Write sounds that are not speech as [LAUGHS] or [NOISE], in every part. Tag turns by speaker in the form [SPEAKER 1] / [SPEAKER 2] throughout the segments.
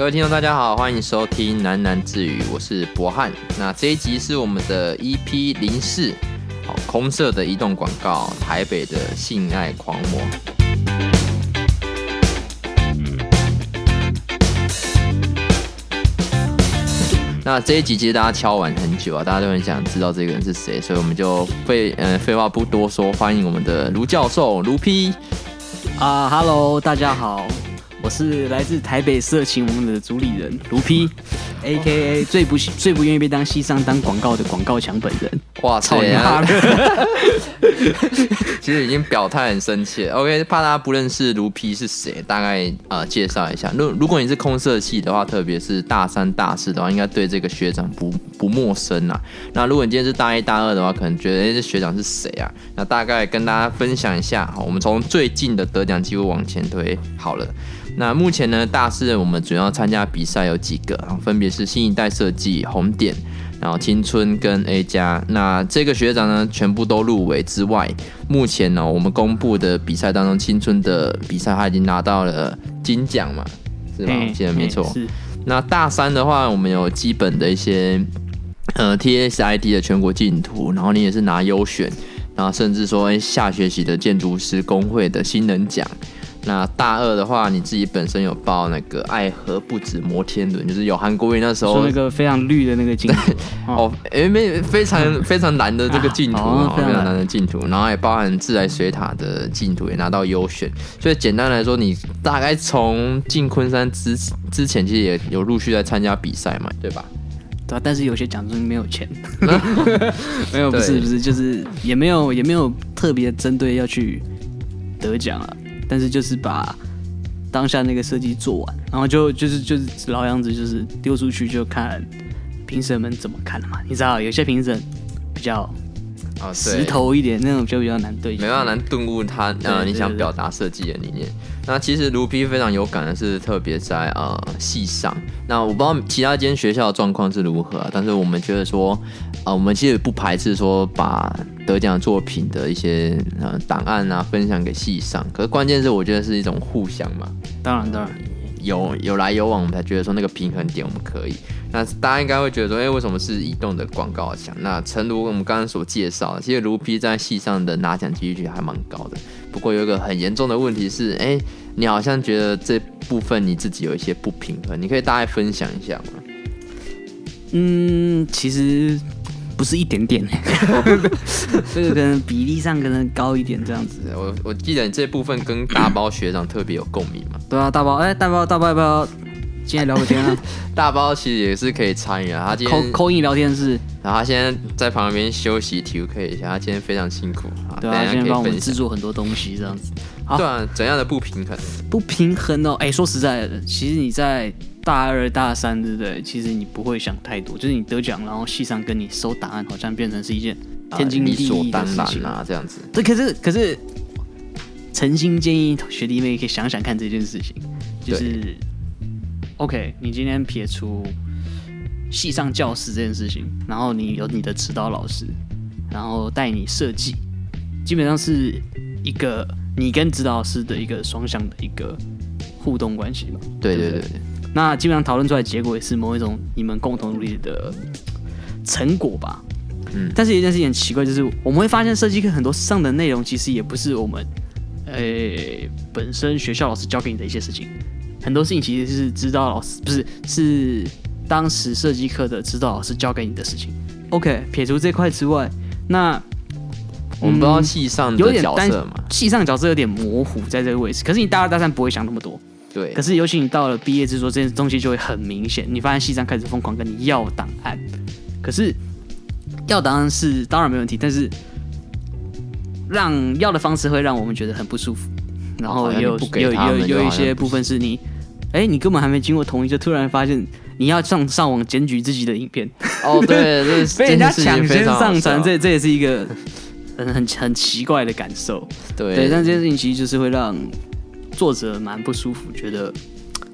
[SPEAKER 1] 各位聽眾，大家好，歡迎收聽《喃喃自語》，我是博翰。那這一集是我們的 EP 零四，好，空設的移動廣告，台北的性愛狂魔。嗯、那這一集其實大家敲完很久啊，大家都很想知道這個人是誰，所以我們就廢嗯廢話不多說，歡迎我們的盧教授盧 P 啊、uh，Hello，大家好。我是來自台北色情們的主理人
[SPEAKER 2] 盧 P，A K A 最不最不願意被當系上當廣告的廣告牆本人。哇
[SPEAKER 1] 操塞、啊！ [LAUGHS] 其實已經表態很深切。OK，怕大家不認識盧 P 是誰，大概、呃、介紹一下。如如果你是空設系的話，特別是大三大四的話，應該對這個學長不不陌生啦、啊。那如果你今天是大一大二的話，可能覺得哎、欸、這學長是誰啊？那大概跟大家分享一下。好，我們從最近的得獎機會往前推好了。那目前呢，大四人我們主要參加比賽有幾個，分別是新一代設計、紅點，然後青春跟 A 加。那這個學長呢，全部都入圍之外，目前呢、哦，我們公布的比賽當中，青春的比賽他已經拿到了金獎嘛，是吧？現在嘿沒錯。是。那大三的話，我們有基本的一些呃 TSID 的全國競圖，然後你也是拿優選，然後甚至說，哎、下學期的建築師工會的新人獎。那大二的話，你自己本身有報那個愛河不止摩天輪，就是有韓國瑜那時候做那個非常綠的那個鏡頭對哦，哎沒、欸、非常、嗯、非常藍的這個鏡頭、啊哦，非常藍的鏡頭，嗯、然後也包含自來水塔的鏡頭也拿到優選。所以簡單來說，你大概從進昆山之之前其實也有陸續在參加比賽嘛，對吧？
[SPEAKER 2] 對啊，但是有些獎金沒有錢，
[SPEAKER 1] 啊、 [LAUGHS] 沒有
[SPEAKER 2] 不是對不是就是也沒有也沒有特別針對要去得獎啊。但是，就是把當下那個設計做完，然後就就是就是老樣子，就是丟出去就看評審們怎麼看了嘛。你知道有些評審比較。啊，石頭一點那種就比，比較
[SPEAKER 1] 難對，沒辦法難頓悟它。啊、呃呃，你想表達設計的理念，那其實盧 P 非常有感的是特別在呃系上。那我不知道其他間學校的狀況是如何、啊，但是我們覺得說，啊、呃，我們其實不排斥說把得獎作品的一些呃檔案啊分享給系上。可是關鍵是我覺得是一種互相嘛，當然當然。當然有有來有往，我們才覺得說那個平衡點我們可以。那大家應該會覺得說，誒、欸，為什麼是移動的廣告牆？那誠如我們剛剛所介紹的，其實盧 P 在系上的拿獎幾率還蠻高的。不過有一個很嚴重的問題是，誒、欸，你好像覺得這部分你自己有一些不平衡，你可以大概分享一下嗎？嗯，
[SPEAKER 2] 其實。不是一點點、欸， [LAUGHS] 這個可能比例上可能高一點，這樣子
[SPEAKER 1] [LAUGHS] 我。我我記得你這部分跟大包學長特別有共鳴嘛？
[SPEAKER 2] 對啊，大包，哎、欸，大包，大包要不要今天聊聊天啊？
[SPEAKER 1] 大包其實也是可以參與啊，他今天扣扣一聊天室，然後他現在在旁邊休息休克一下，他今天非常辛苦啊，可以對啊，今天幫我們製作很多東西這樣子，對啊，好怎樣的不平衡？
[SPEAKER 2] 不平衡哦，哎、欸，說實在的，其實你在。大二大三對不對？其實你不會想太多，就是你得獎，然後系上跟你收檔案，好像變成是一件
[SPEAKER 1] 天經地義的事情啊，啊，這樣子。
[SPEAKER 2] 這可是可是誠心建議學弟妹可以想想看這件事情，就是對 OK，你今天撇出系上教師這件事情，然後你有你的指導老師，然後帶你設計，基本上是一個你跟指導老師的一個雙向的一個互動關係嘛？對對對對。對那基本上討論出來的結果也是某一種你們共同努力的成果吧。嗯，但是有一件事情很奇怪，就是我們會發現設計課很多上的內容其實也不是我們，誒、欸，本身學校老師教給你的一些事情，很多事情其實是指導老師不是是當時設計課的指導老師教給你的事情。OK，撇除這塊之外，那我們不知道系上的角色嘛、嗯，系上的角色有點模糊在這個位置，可是你大二大，大三不會想那麼多。對，可是尤其你到了畢業之後，這件東西就會很明顯。你發現系上開始瘋狂跟你要檔案，可是要檔案是當然沒問題，但是讓要的方式會讓我們覺得很不舒服。然後也有、哦、也有也有也有，有一些部分是你，哎、欸，你根本還沒經過同意，就突然發現你要上上網檢舉自己的影片。哦，對， [LAUGHS] 被人家搶先上傳，這是這，這也是一個很很很奇怪的感受。對，對，但這件事情其實就是會讓。作者蠻不舒服，覺得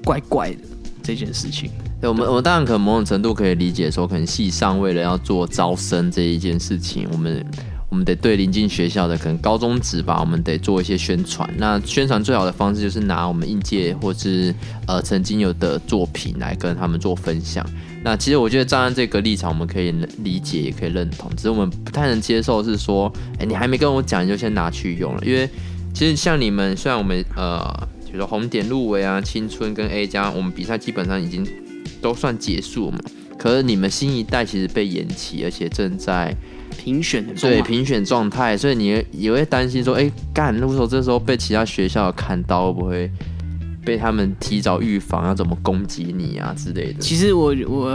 [SPEAKER 2] 怪怪的，這件事情。
[SPEAKER 1] 對，我們對我們當然可能某種程度可以理解說，說可能系上為了要做招生這一件事情，我們我們得對鄰近學校的可能高中職吧，我們得做一些宣傳。那宣傳最好的方式就是拿我們應屆或是呃曾經有的作品來跟他們做分享。那其實我覺得站在這個立場，我們可以理解，也可以認同，只是我們不太能接受是說，哎，你還沒跟我講，你就先拿去用了，因為。其實像你們，雖然我們呃，比如說紅點入圍啊，青春跟 A 加，我們比賽基本上已經都算結束了嘛。可是你們新一代其實被延期，而且正在評
[SPEAKER 2] 選
[SPEAKER 3] 的對評
[SPEAKER 1] 選狀態，所以你也會擔心說，哎、欸，幹，如果說候，這時候被其他學校看到，不會被他們提早預防，要怎麼攻擊你啊之類的？其
[SPEAKER 2] 實我我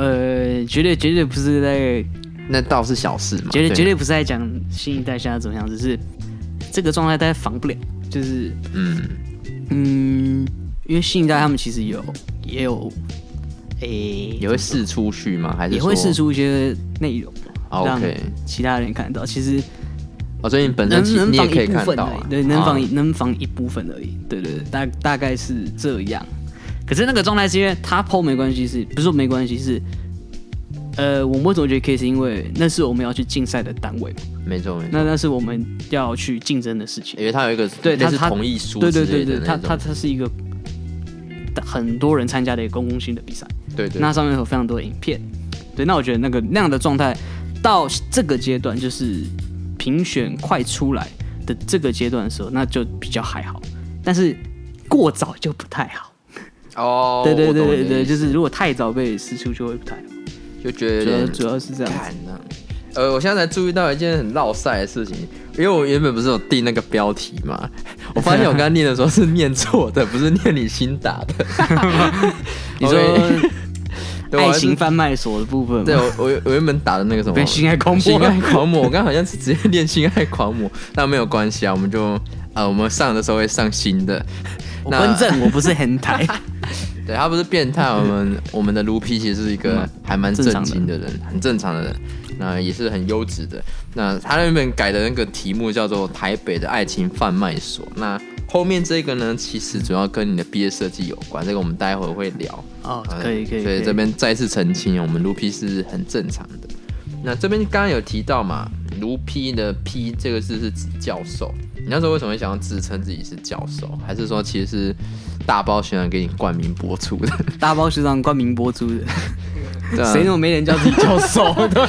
[SPEAKER 2] 絕對絕對不是在那倒是小事，絕對絕對不是在講新一代現在怎麼樣，只是。這個狀態大家防不了，就是嗯嗯，因為新一代他們其實有也有誒，欸、
[SPEAKER 1] 也會試出去嗎？還是也會試出
[SPEAKER 2] 一些內容，啊 okay，讓其他人看到。其實
[SPEAKER 1] 哦，所以你本身其實你也可以看到，啊，對，能防，
[SPEAKER 2] 啊、能防一部分而已。對對對，大大概是這樣。可是那個狀態是因為他 po 沒關係，是不是說沒關係？是呃，我為什麼覺得可以，是因為那是我們要去競賽的單位。沒錯，沒錯。那那是我們要去競爭的事情。因為他有一個，對，他是同意書，對，對對對對。他他他是一個很多人參加的一個公共性的比賽。對，對對。那上面有非常多的影片。對，那我覺得那個那樣的狀態，到這個階段就是評選快出來的這個階段的時候，那就比較還好。但是過早就不太好。
[SPEAKER 1] 哦。 [LAUGHS] 對，對對對對對，就是
[SPEAKER 2] 如果太早被
[SPEAKER 1] 釋出，就會不太好。就覺得，覺得主要是這樣。呃，我現在才注意到一件很烙賽的事情，因為我原本不是有定那個標題嘛，我發現我剛剛念的時候是念錯的，不是念你新打的。 [LAUGHS] [LAUGHS] 你說 Okay. 對愛情
[SPEAKER 2] 販賣所的部分？對，我我
[SPEAKER 1] 我原本打的那個什麼？被性愛狂魔，性愛狂魔，性愛狂魔，我剛好像是直接念性愛狂魔，那 [LAUGHS] 沒有關係啊，我們就呃我們上的時候會上新的。我那我不是很台。 [LAUGHS] 對他不是變態，我們我們的盧 P 其實是一個還蠻正經的人，正的很正常的人。那也是很優質的，那他原本改的那個題目叫做《台北的愛情販賣所》。那後面這個呢，其實主要跟你的畢業設計有關，這個我們待會兒會聊。哦，可以可以，可以，所以這邊再次澄清，我們錄 P 是很正常的。那這邊剛剛有提到嘛，盧 P 的 P 這個字是指教授，你那時候為什麼會想要自稱自己是教授？還是說其實是大包學長給你冠名播出的？大包學長冠名播出的，誰、嗯 [LAUGHS] 啊、那麼沒
[SPEAKER 2] 人叫自己教授
[SPEAKER 1] 的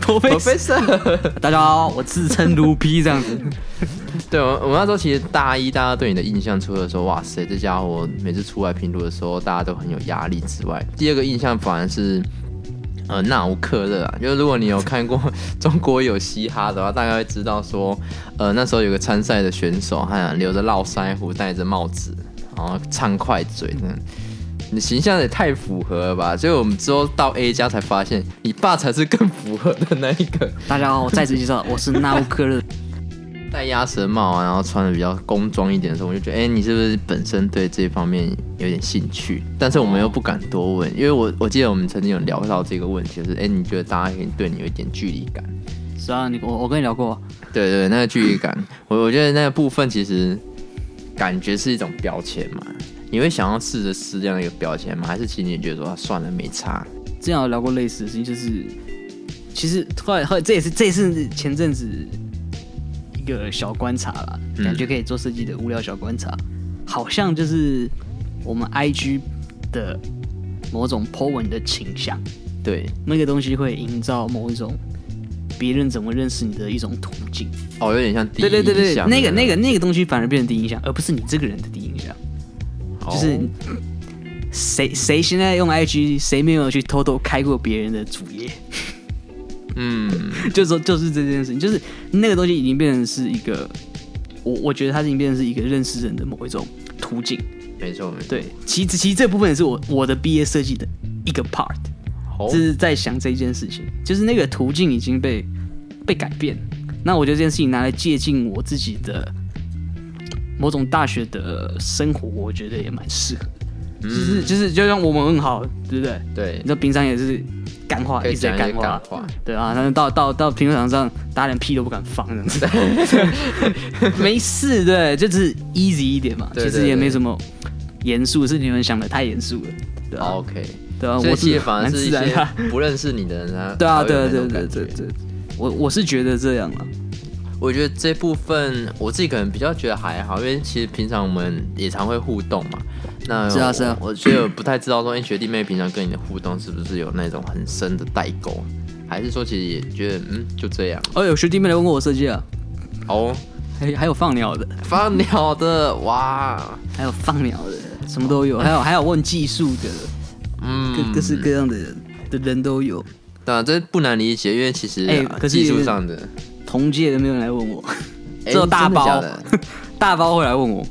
[SPEAKER 1] Professor 大家好，我自稱盧 P 這樣子。 [LAUGHS] [LAUGHS] 對我，我，我那時候其實大一，大家對你的印象除了說哇塞，這家夥每次出來評論的時候，大家都很有壓力之外，第二個印象反而是。呃，那吾克熱啊，就是如果你有看過中國有嘻哈的話， [LAUGHS] 大概會知道說，呃，那時候有個參賽的選手，他留着絡腮鬍，戴着帽子，然後唱快嘴的，你形象也太符合了吧？所以我們之後到 A 家才發現，你爸才是更符合的那一個。大家好，我再次介紹， [LAUGHS] 我是那吾克熱。 [LAUGHS] 戴鴨舌帽啊，然後穿的比較工裝一點的時候，我就覺得，哎，你是不是本身對這方面有點興趣？但是我們又不敢多問，因為我我記得我們曾經有聊到這個問題，就是哎，你覺得大家對你有一點距離感？是啊，你我我跟你聊過。對對，那個距離感，我我覺得那個部分其實感覺是一種標籤嘛，你會想要試着撕掉那個標籤嗎？還是其實你覺得說、啊、算了，沒差？
[SPEAKER 2] 這樣有聊過類似的事情，就是其實後來後來，這也是這也是前陣子。一個小觀察了，感覺可以做設計的無聊小觀察，嗯、好像就是我們 I G 的某種 PO 文的傾向。
[SPEAKER 1] 對，
[SPEAKER 2] 那個東西會營造某一種別人怎麼認識你的一種途徑。哦，有點像第一印象。對對對對，那個那個那個東西反而變成第一印象，而不是你這個人的第一印象。好就是誰誰、嗯、現在用 I G，誰沒有去偷偷開過別人的主頁？嗯， [LAUGHS] 就是說，就是這件事情，就是那個東西已經變成是一個，我我覺得它已經變成是一個認識人的某一種途徑。沒錯，沒錯。對，其實其實這部分也是我我的畢業設計的一個 part，哦，就是在想這一件事情，就是那個途徑已經被被改變了。那我覺得這件事情拿來借鑑我自己的某種大學的生活，我覺得也蠻適合。嗯，就是就是就像我們很好，對不對？對，那平常也是。話一些尷尬話，話對啊，那到到到平常上，大家連屁都不敢放，這樣子，沒事，對，就只是 easy 一點嘛，對對對，其實也沒什麼嚴肅，嚴肅是你們想的太嚴肅了，對、啊 oh,，OK，對啊，其實我自己、啊、反而是一些
[SPEAKER 1] 不認識你的人啊，對啊，對啊，對啊對、啊、對、啊，對啊、我我是覺得這樣啊，我，我，覺得這樣啊，我覺得這部分我自己可能比較覺得還好，因為其實平常我們也常會互動嘛。那是啊是啊。我所以我不太知道說，哎、欸，學弟妹平常跟你的互動是不是有那種很深的代溝，還是說其實也覺得嗯就這樣？
[SPEAKER 2] 哦，有學弟妹來問過我設計啊，哦，
[SPEAKER 1] 還、欸、還有放鳥的，
[SPEAKER 2] 放鳥的哇，還有放鳥的，什麼都有，哦欸、還有還有問技術的，嗯，各各式各樣的人的人都有，
[SPEAKER 1] 然、嗯啊、這不難理解，因為其實、欸、技術上的
[SPEAKER 2] 同屆的沒有人來問我，這大包、欸、的、的， [LAUGHS] 大包會來問我。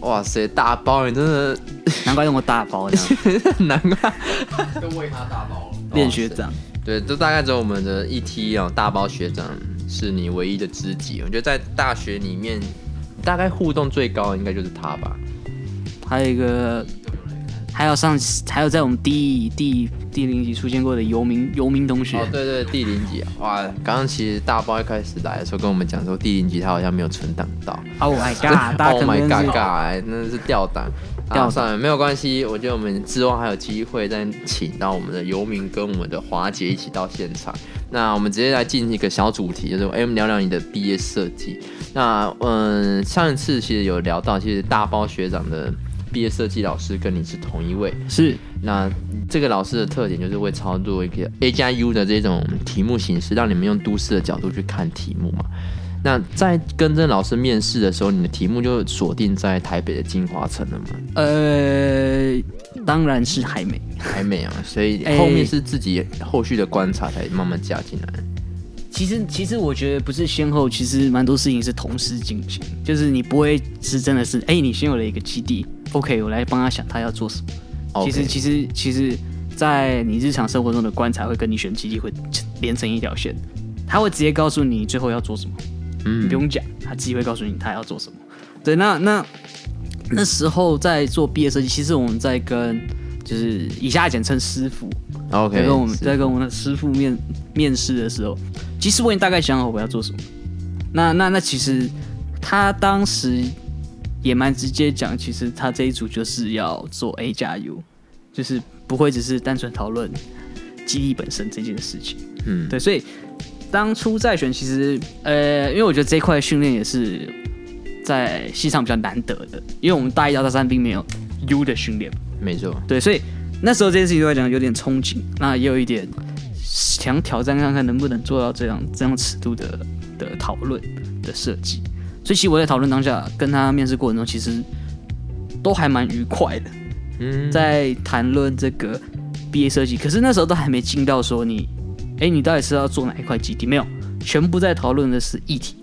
[SPEAKER 1] 哇塞，大包你真的， [LAUGHS] 難怪用過大包， [LAUGHS] 難怪 [LAUGHS] 都為他大包了。練學長，對，這大概只有我們的一 T 啊，大包學長是你唯一的知己。我覺得在大學裡面，大概互動最高的應該就是他吧。
[SPEAKER 2] 還有一個。還有上次，還有在我們第第第零集出現過的游民游民同學。哦，oh, 對
[SPEAKER 1] 對，第零集，哇，剛剛其實大包一開始來的時候跟我們講說，第零集他好像沒有存檔到。Oh my god！Oh [LAUGHS] my god！真 God ,的 God. 是掉檔。吊檔上來沒有關係，我覺得我們之後還有機會再請到我們的游民跟我們的華杰一起到現場。 [LAUGHS] 那我們直接來進行一個小主題，就是我們聊聊你的畢業設計。那嗯，上一次其實有聊到，其實大包學長的。畢業設計老師跟你是同一位，是，那這個老師的特點就是會操作一個 A 加 U 的這種題目形式，讓你們用都市的角度去看題目嘛。那在跟這老師面試的時候，你的題目就鎖定在台北的京華城了嗎？呃，當然是還沒， [LAUGHS] 還沒啊，所以後面是自己後續的觀察才慢慢加進來。其實，
[SPEAKER 2] 其實我覺得不是先後，其實蠻多事情是同時進行，就是你不會是真的是哎、欸，你先有了一個基地。OK，我來幫他想，他要做什麼？Okay. 其實，其實，其實，在你日常生活中的觀察會跟你選基地會連成一條線，他會直接告訴你最後要做什麼，
[SPEAKER 3] 嗯，你不用
[SPEAKER 2] 講，他自己會告訴你他要做什麼。對，那那、嗯、那時候在做畢業設計，其實我們在跟就是以下簡稱師傅
[SPEAKER 1] ，OK，在跟我們
[SPEAKER 2] 傅在跟我們的師傅面面試的時候，其實我已經大概想好我要做什麼。那那那其實他當時。也蠻直接講，其實他這一組就是要做 A 加 U，就是不會只是單純討論基地本身這件事情。嗯，對，所以當初在選，其實呃，因為我覺得這一塊訓練也是在系上比較難得的，因為我們大一到大三並沒有 U 的訓練，
[SPEAKER 1] 沒錯。
[SPEAKER 2] 對，所以那時候這件事情對我來講有點憧憬，那也有一點想挑戰看看能不能做到這樣這樣尺度的的討論的設計。所以其實我在討論當下跟他面試過程中，其實都還蠻愉快的。嗯，在談論這個畢業設計，嗯、可是那時候都還沒進到說你，哎，你到底是要做哪一塊基地？沒有，全部在討論的是議題。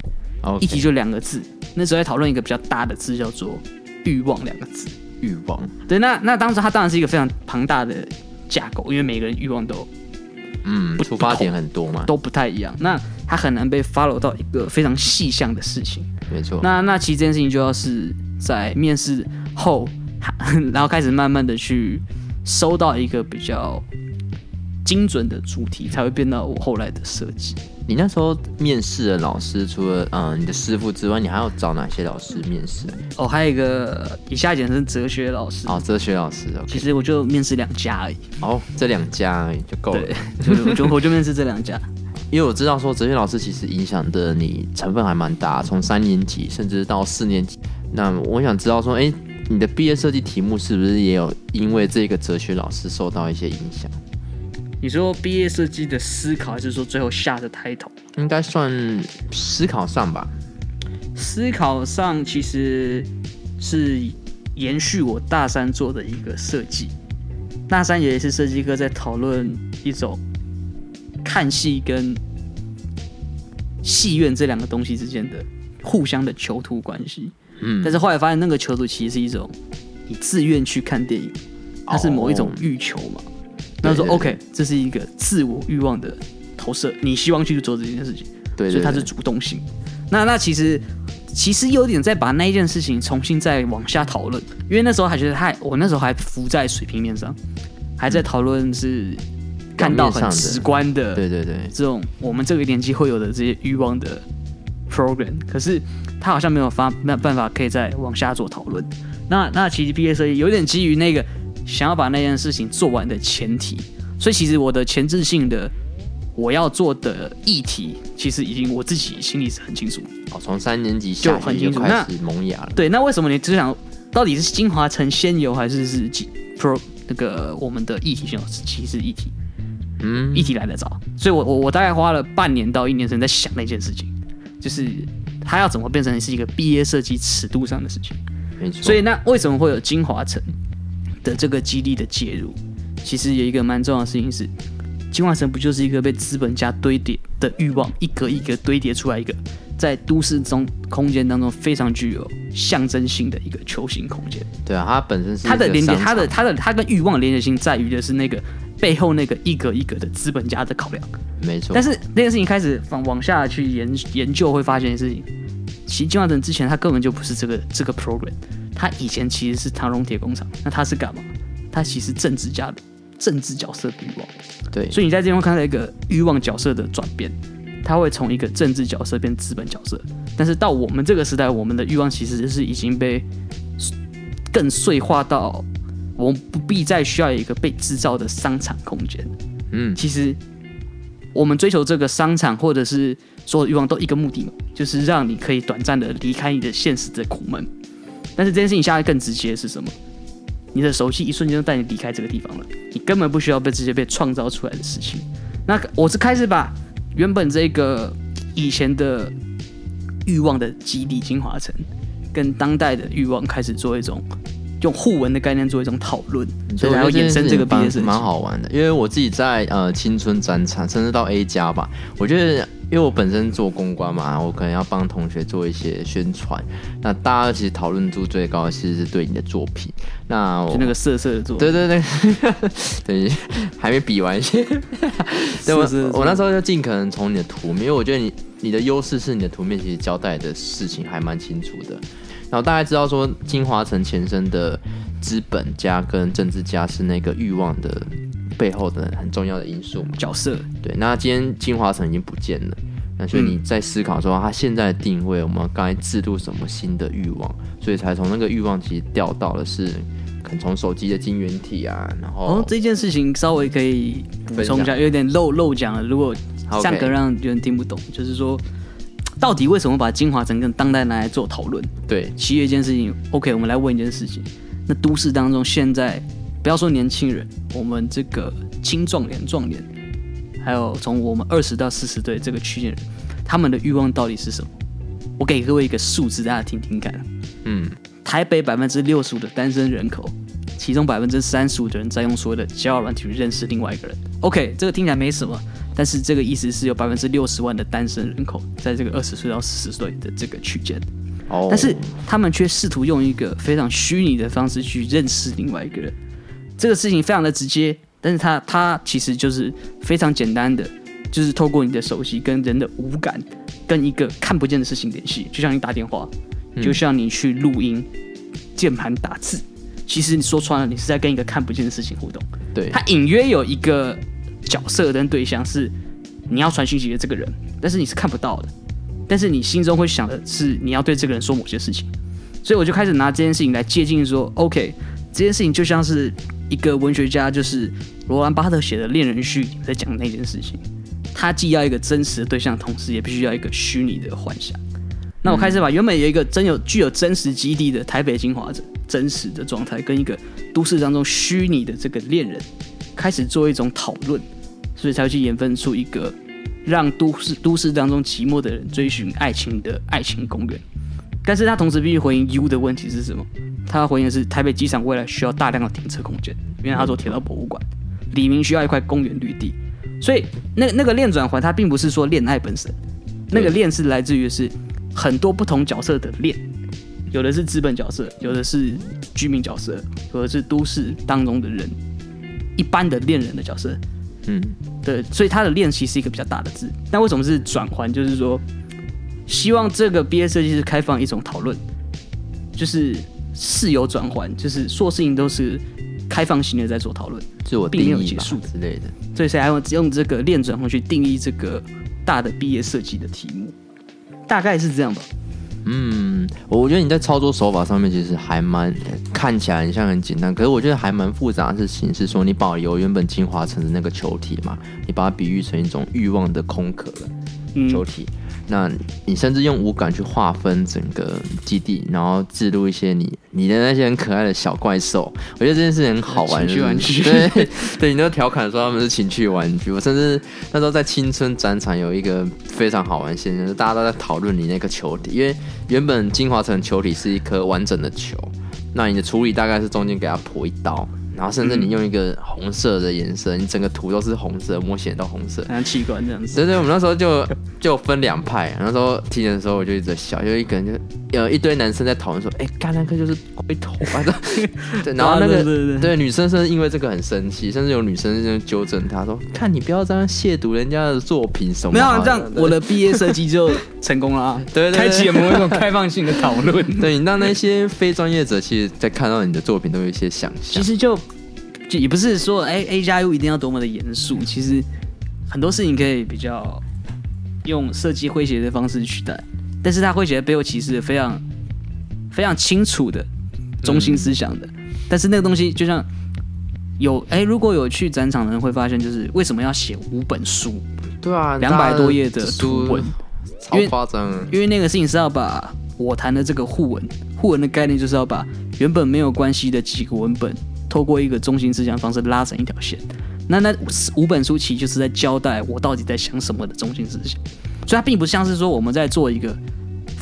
[SPEAKER 2] 議題 Okay 就兩個字，那時候在討論一個比較大的字叫做欲望兩個字。
[SPEAKER 3] 欲望。
[SPEAKER 2] 對，那那當時他當然是一個非常龐大的架構，因為每個人欲望都不，嗯，
[SPEAKER 1] 出發點很多嘛，不
[SPEAKER 2] 都不太一樣。那他很難被 follow 到一個非常細項的事情，沒錯。那那其實這件事情就要是在面試後，然後開始慢慢的去收到一個比
[SPEAKER 1] 較精準的主題，才會變到我後來的設計。你那時候面試的老師，除了嗯、呃、你的師傅之外，你還要找哪些老師面試？哦，還有一個，以下簡稱哲學老師。哦，哲學老師，okay。其實我就面試兩家而已。哦，這兩家而已就夠了。對，就，我就，我就面試這兩家。因為我知道說哲學老師其實影響的你成分還蠻大，從三年級甚至到四年級。那我想知道說，誒，你的畢業設計題目是不是也有因為這個哲學老師受到一些影響？
[SPEAKER 2] 你說畢業設計的思考，還是說最後下的 title？
[SPEAKER 1] 應該算思考上吧。
[SPEAKER 2] 思考上其實是延續我大三做的一個設計，大三也是設計課在討論一種。看戲跟戲院這兩個東西之間的互相的囚徒關係，嗯，但是後來發現那個囚徒其實是一種你自願去看電影，
[SPEAKER 1] 它是某一種
[SPEAKER 2] 欲求嘛。
[SPEAKER 1] 哦、那說對對對對 OK，
[SPEAKER 2] 這是一個自我欲望的投射，你希望去做這件事情，對，對，所以它是主動性。那那其實其實有點在把那一件事情重新再往下討論，因為那時候還覺得太……我那時候還浮在水平面上，還在討論是。嗯
[SPEAKER 1] 看到很直觀的，對對對，這
[SPEAKER 2] 種我們這個年紀會有的這些欲望的 program，可是他好像沒有發，沒有辦法可以再往下做討論那。那那其實畢設有點基於那個想要把那件事情做完的前提，所以其實我的前置性的我要做的議題，其實已
[SPEAKER 1] 經我自己心裡是很清楚。哦，從三年級就已經開始萌芽了。
[SPEAKER 2] 對，那為什麼你只想到底是京華城先有還是是 pro 那個我們的議題？哦，是其實是議題。議題來得早，所以我我我大概花了半年到一年時間在想那件事情，就是它要怎麼變成是一個畢業設計尺度上的事情。沒錯。所以那為什麼會有京華城的這個基地的介入？其實有一個蠻重要的事情是，京華城不就是一個被資本家堆疊的欲望，一格一格堆疊出來一個在都市中空間當中非常具有象徵性的一
[SPEAKER 1] 個球形空間？對啊，它本身是一個它的連接，它
[SPEAKER 2] 的它的它跟欲望的連接性在於的是那個。背後那個一格一格的資本家的考量，
[SPEAKER 1] 沒錯。但是
[SPEAKER 2] 那個事情開始往往下去研研究，會發現事情，其實京華城之前他根本就不是這個這個 program，他以前其實是唐榮鐵工廠。那他是幹嘛？他其實是政治家的政治角色的慾望。對。所以你在這邊會看到一個慾望角色的轉變，他會從一個政治角色變資本角色。但是到我們這個時代，我們的慾望其實就是已經被更碎化到。我們不必再需要一個被製造的商場空間。嗯，其實我們追求這個商場，或者是所有慾望，都一個目的嘛，就是讓你可以短暫的離開你的現實的苦悶。但是這件事情下來更直接的是什麼？你的手機一瞬間就帶你離開這個地方了，你根本不需要被這些被創造出來的事情。那我是開始把原本這個以前的慾望的基地京華城，跟當代的慾望開始做一種，用互文的概念做一種討論，所以要衍生這個方、就是，是，是，
[SPEAKER 1] 是蠻好玩的。因為我自己在呃青春展場，甚至到 A 加吧，我覺得因為我本身做公關嘛，我可能要幫同學做一些宣傳。那大家其實討論度最高的其實是對你的作品。那我那個色色的作品，對對對，對，還沒比完先。
[SPEAKER 3] 對我 [LAUGHS] 是我那
[SPEAKER 1] 時候就盡可能從你的圖面，因為我覺得你你的優勢是你的圖面，其實交代的事情還蠻清楚的。然後大概知道說，京華城前身的資本家跟政治家是那個欲望的背後的很重要的因素角色。對，那今天京華城已經不見了，那所以你在思考說，他、嗯、現在定位，我們該制度什麼新的欲望，所以才從那個欲望其實掉到了是，可能從手機的晶元體啊，然後，然、哦、這件事情稍微可以補充一下，有
[SPEAKER 2] 點漏漏講了，如果上個讓有人聽不懂，Okay. 就是說。到底為什麼把京華城跟當代拿來做討論？對，其實一件事情，OK，我們來問一件事情。那都市當中，現在不要說年輕人，我們這個青壯年、壯年，還有從我們二十到四十歲這個區間人，他們的慾望到底是什麼？我給各位一個數字，大家聽聽看。嗯，台北百分之六十五的單身人口，其中百分之三十五的人在用所謂的交友軟體去認識另外一個人。OK，這個聽起來沒什麼。但是這個意思是有百分之六十萬的單身人口在這個二十歲到四十歲的這個區間，哦，oh. 但是他們卻試圖用一個非常虛擬的方式去認識另外一個人，這個事情非常的直接，但是他他其實就是非常簡單的，就是透過你的手機跟人的五感跟一個看不見的事情聯繫，就像你打電話，
[SPEAKER 1] 就像
[SPEAKER 2] 你去錄音、鍵盤、嗯、打字，其實你說穿了你是在跟一個看不見的事情互動，對，它隱約有一個。角色跟對象是你要傳訊息的這個人，但是你是看不到的，但是你心中會想的是你要對這個人說某些事情，所以我就開始拿這件事情來接近說，OK，這件事情就像是一個文學家，就是羅蘭巴特寫的《戀人絮語》，在講那件事情，他既要一個真實的對象，同時也必須要一個虛擬的幻想。那我開始把、嗯、原本有一個真有具有真實基地的臺北京華城真實的狀態，跟一個都市當中虛擬的這個戀人，開始做一種討論。所以才會去延伸出一個讓都市都市當中寂寞的人追尋愛情的愛情公園，但是他同時必須回應 U 的問題是什麼？他回應的是台北機場未來需要大量的停車空間，因為他說鐵道博物館，李明需要一塊公園綠地，所以那那個戀轉圜它並不是說戀愛本身，那個戀是來自於是很多不同角色的戀，有的是資本角色，有的是居民角色，有的是都市當中的人一般的戀人的角色。嗯，對，所以他的練習是一個比較大的字。那為什麼是轉圜？就是說，希望這個畢業設計是開放一種討論，就是是有轉圜，就是所有事情都是開放型的在做討論，所以我定義並沒有結束之類的。所以，誰還用用這個戀轉圜去定義這個大的畢業設計的題
[SPEAKER 1] 目？大概是這樣吧。嗯，我覺得你在操作手法上面其實還蠻看起來很像很簡單，可是我覺得還蠻複雜的事情是說，你保留原本京華城的那個球體嘛，你把它比喻成一種欲望的空殼了，嗯、球體。那你甚至用五感去劃分整個基地，然後記錄一些你你的那些很可愛的小怪獸，我覺得這件事很好玩是不是？情趣玩具對，對 [LAUGHS] 對，你都調侃說他們是情趣玩具。我甚至那時候在青春展場有一個非常好玩的現象，就是、大家都在討論你那個球體，因為原本京華城球體是一顆完整的球，那你的處理大概是中間給他剖一刀。然後甚至你用一個紅色的顏色，嗯、你整個圖都是紅色，摸起來都紅色，非常奇怪這樣子。對對，我們那時候就就分兩派，那時候聽的時候我就一直笑，有一個人就有一堆男生在討論說，哎，甘蘭科就是龜頭啊， [LAUGHS] 對，然後那個、啊、對,對,對,對,對女生是因為這個很生氣，甚至有女生在糾正他說，看你不要這樣褻瀆人家的作品什麼的。沒有，這樣對我的畢業設計就。 [LAUGHS] 成功了，啊，對對、對、對，開啟有沒有一種開放性的討論。 [LAUGHS] 對，你讓那些非專業者，其實在看到你的作品，都有一些想象。
[SPEAKER 2] 其實就，也不是說，哎，A 加 U 一定要多麼的嚴肅。嗯、其實很多事情可以比較用設計詼諧的方式取代。但是他詼諧的背後，其實非常非常清楚的中心思想的。嗯、但是那個東西，就像有，哎，如果有去展場的人會發現，就是為什麼要寫五本書？對啊，兩百多頁的、的書。因為、欸，、因為那個事情是要把我談的這個互文、互文的概念，就是要把原本沒有關係的幾個文本，透過一個中心思想方式拉成一條線。那那五，五本書其實就是在交代我到底在想什麼的中心思想，所以它並不像是說我們在做一個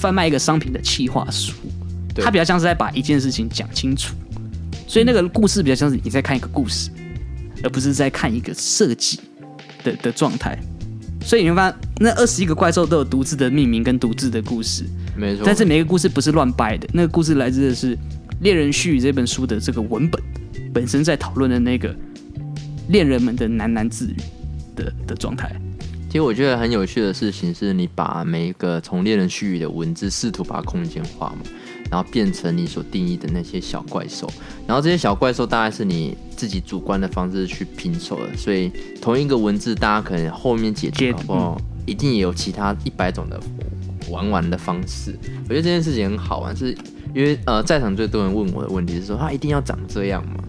[SPEAKER 2] 販賣一個商品的企劃書，對它比較像是在把一件事情講清楚。所以那個故事比較像是你在看一個故事，嗯、而不是在看一個設計的的狀態。所以你會發現，那二十一個怪獸都有獨自的命名跟獨自的故事，
[SPEAKER 1] 沒錯。但是
[SPEAKER 2] 每一個故事不是亂掰的，那個故事來自的是《戀人絮語》這本書的這個文本本身在討論的那個戀人們的喃喃自語的的狀態。
[SPEAKER 1] 其實我覺得很有趣的事情是，你把每一個從《戀人絮語》的文字試圖把它空間化嘛。然後變成你所定義的那些小怪獸，然後這些小怪獸大概是你自己主觀的方式去拼湊的。所以同一個文字，大家可能後面解讀一定也有其他一百種的玩玩的方式。我覺得這件事情很好玩，是因為呃，在場最多人問我的問題是說，他一定要長這樣嘛？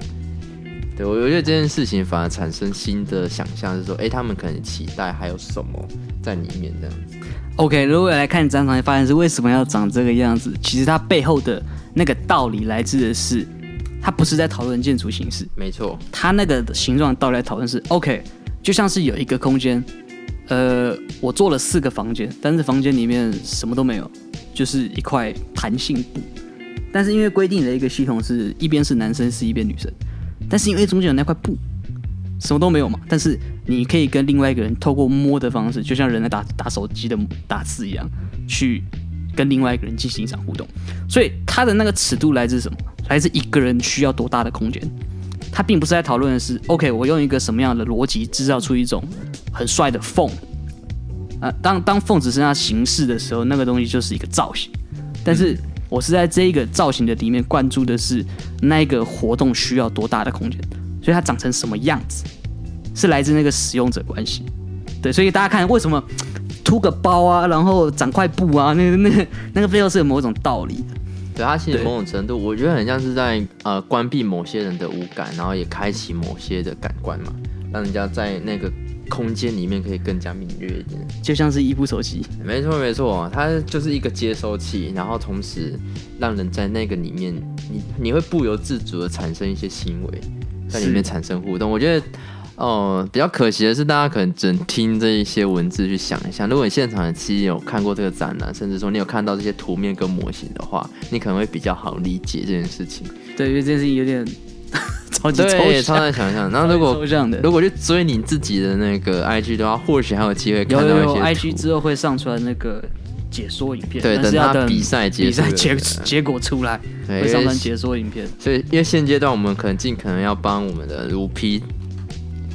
[SPEAKER 1] 對我，我覺得這件事情反而產生新的想象，是說，哎，他們可能期待還有什麼在裡面這樣子。OK，
[SPEAKER 2] 如果來看展場你發現是為什麼要長這個樣子，其實它背後的那個道理來自的是，它不是在討論建築形式，沒錯，它那個形狀的道理來討論是 OK，就像是有一個空間，呃，我做了四個房間，但是房間裡面什麼都沒有，就是一塊彈性布，但是因為規定的一個系統是一邊是男生，是一邊女生，但是因為中間有那塊布，什麼都沒有嘛，但是你可以跟另外一個人透過摸的方式，就像人在打打手機的打字一樣，去跟另外一個人進行一場互動。所以他的那個尺度來自什麼？來自一個人需要多大的空間？他並不是在討論的是，OK，我用一個什麼樣的邏輯製造出一種很帥的縫啊、呃，當當縫只剩下形式的時候，那個東西就是一個造型。但是，我是在這個造型的裡面灌注的是那一個活動需要多大的空間。所以它長成什麼樣子，是來自那個使用者關係，對，所以大家看為什麼凸個包啊，然後長塊布啊，那個、那個那個背後是有某種道理。
[SPEAKER 1] 對，它其實某種程度，對我覺得很像是在呃關閉某些人的五感，然後也開啟某些的感官嘛，讓人家在那個空間裡面可以更加敏銳一點。就像是一部手機，沒錯沒錯，它就是一個接收器，然後同時讓人在那個裡面，你你會不由自主的產生一些行為。是在裡面產生互動，我覺得，哦、呃，比較可惜的是，大家可能只聽這一些文字去想一想。如果你現場其實有看過這個展覽，甚至說你有看到這些圖面跟模型的話，你可能會比較好理解這件事情。
[SPEAKER 2] 對，因為這件事情有點 [LAUGHS]
[SPEAKER 1] 超級抽象，對，超想象。然後如果如果去追你自己的那個 IG 的話，或許還有機會看到一些，有有有
[SPEAKER 2] ，IG 之後會上傳那個。解說影片，對，但是等他比賽比賽結束比賽結,結
[SPEAKER 1] 果出來，對，會上傳解說影片。所以，因為現階段我們可能盡可能要幫我們的盧 P，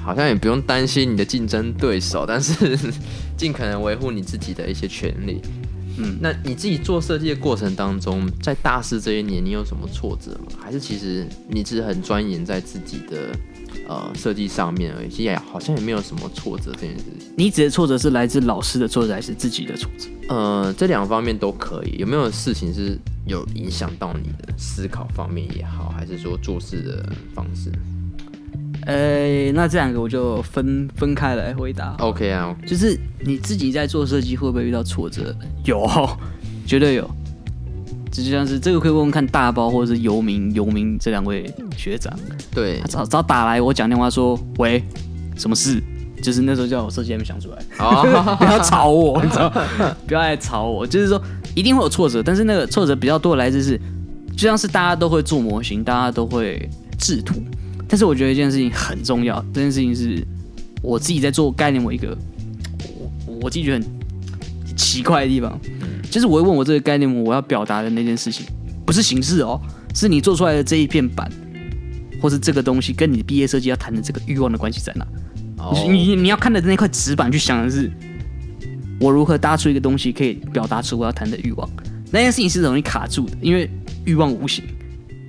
[SPEAKER 1] 好像也不用擔心你的競爭對手，但是 [LAUGHS] 盡可能維護你自己的一些權利。嗯，那你自己做設計的過程當中，在大四這一年，你有什麼挫折嗎？還是其實你只是很鑽研在自己的？呃，設計上面而已，也好像也沒有什麼挫折這件事情。你指的挫折是來自老師的挫折，還是自己的挫折？呃，這兩方面都可以。有沒有事情是有影響到你的思考方面也好，還是說做事的方式？呃、欸，那這兩個我就
[SPEAKER 2] 分分開來回答了。OK 啊，okay. 就是你自己在做設計會不會遇到挫折？有，絕對有。這就像是這個可以問問看大包或者是游民，游民這兩位學長，對，他早早打來我講電話說，喂，什麼事？就是那時候叫我設計 M 想出來、 [LAUGHS] 哦，不要吵我， [LAUGHS] 你知道，不要來吵我，就是說一定會有挫折，但是那個挫折比較多的來自是，就像是大家都會做模型，大家都會製圖，但是我覺得一件事情很重要，這件事情是我自己在做概念我一個，我我自己覺得很奇怪的地方。其實我會問我這個概念，我要表達的那件事情，不是形式哦，是你做出來的這一片板，或是這個東西，跟你畢業設計要談的這個慾望的關係在哪？Oh. 你你要看的那塊紙板，去想的是我如何搭出一個東西，可以表達出我要談的慾望。那件事情是容易卡住的，因為慾望無形。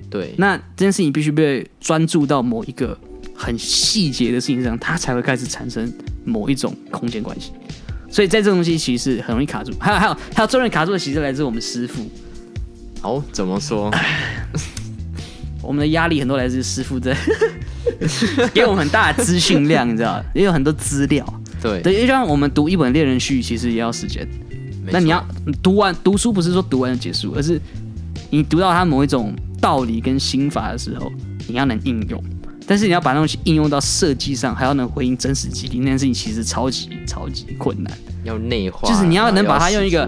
[SPEAKER 2] 對，那這件事情必須被專注到某一個很細節的事情上，它才會開始產生某一種空間關係。所以，在這種東西其實很容易卡住。還有還有，還有最容易卡住的，其實來自我們師傅。
[SPEAKER 1] 哦，怎麼說？
[SPEAKER 2] [LAUGHS] 我們的壓力很多來自師傅在 [LAUGHS] 給我們很大的資訊量，你知道？ [LAUGHS] 也有很多資料。對對，因為就像我們讀一本《戀人絮語》，其實也要時間。錯那你要你讀完讀書，不是說讀完就結束，而是你讀到他某一種道理跟心法的時候，你要能應用。但是你要把那東西應用到設計上，還要能回應真實基地。那件事情其實超級超級困難。要內化，就是你要能把它用一個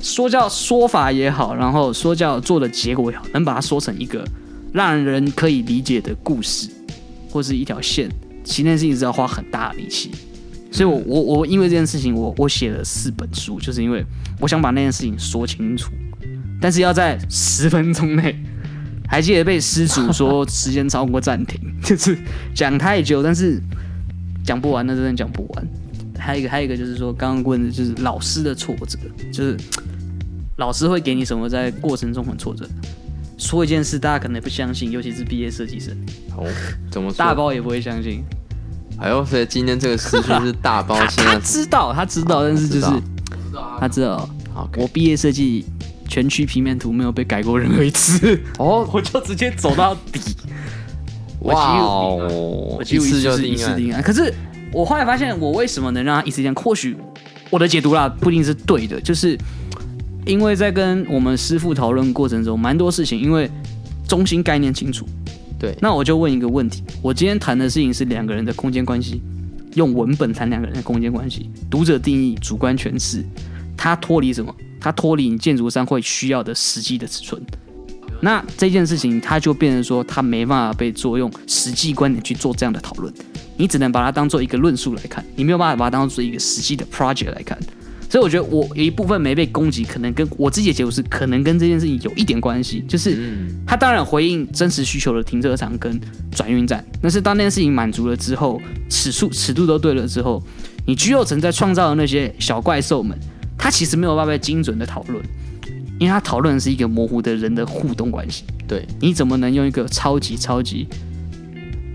[SPEAKER 2] 說教說法也好，然後說教做的結果也好，能把它說成一個讓人可以理解的故事，或是一條線，其實那件事情是要花很大的力氣。嗯、所以我，我我我因為這件事情，我我寫了四本書，就是因為我想把那件事情說清楚，但是要在十分鐘內。還記得被施主說時間超過暫停， [LAUGHS] 就是講太久，但是講不完，那真的講不完。還有一個，還有一個就是說，剛剛問的就是老師的挫折，就是老師會給你什麼在過程中很挫折？說一件事，大家可能也不相信，尤其是畢業設計生，
[SPEAKER 1] 好，怎麼說？大
[SPEAKER 2] 包也不會相信。
[SPEAKER 1] 哎呦，所以今天這個事就
[SPEAKER 2] 是大包現在 [LAUGHS] 知道，他知道，哦、知道，但是就是知道、啊、他知道，知道 OK 我畢業設計。全區平面圖沒有被改過任何一次。哦， [LAUGHS] 我就直接走到底。哇哦，我
[SPEAKER 3] 就一次就是一次定案。可是
[SPEAKER 2] 我後來發現，我為什麼能讓他一次定案？或許我的解讀啦不一定是對的，就是因為在跟我們師傅討論過程中，蠻多事情，因為中心概念清楚。對。那我就問一個問題：我今天談的事情是兩個人的空間關係，用文本談兩個人的空間關係，讀者定義、主觀詮釋，他脫離什麼？它脫離你建築商會需要的實際的尺寸，那這件事情它就變成說它沒辦法被作用實際觀點去做這樣的討論，你只能把它當做一個論述來看，你沒有辦法把它當做一個實際的 project 來看。所以我覺得我有一部分沒被攻擊，可能跟我自己的結果是可能跟這件事情有一點關係，就是他當然回應真實需求的停車場跟轉運站，但是當那件事情滿足了之後，尺寸尺度都對了之後，你居住層在創造的那些小怪獸們。他其實沒有辦法精準的討論，因為他討論的是一個模糊的人的互動關係。對，你怎麼能用一個超級超級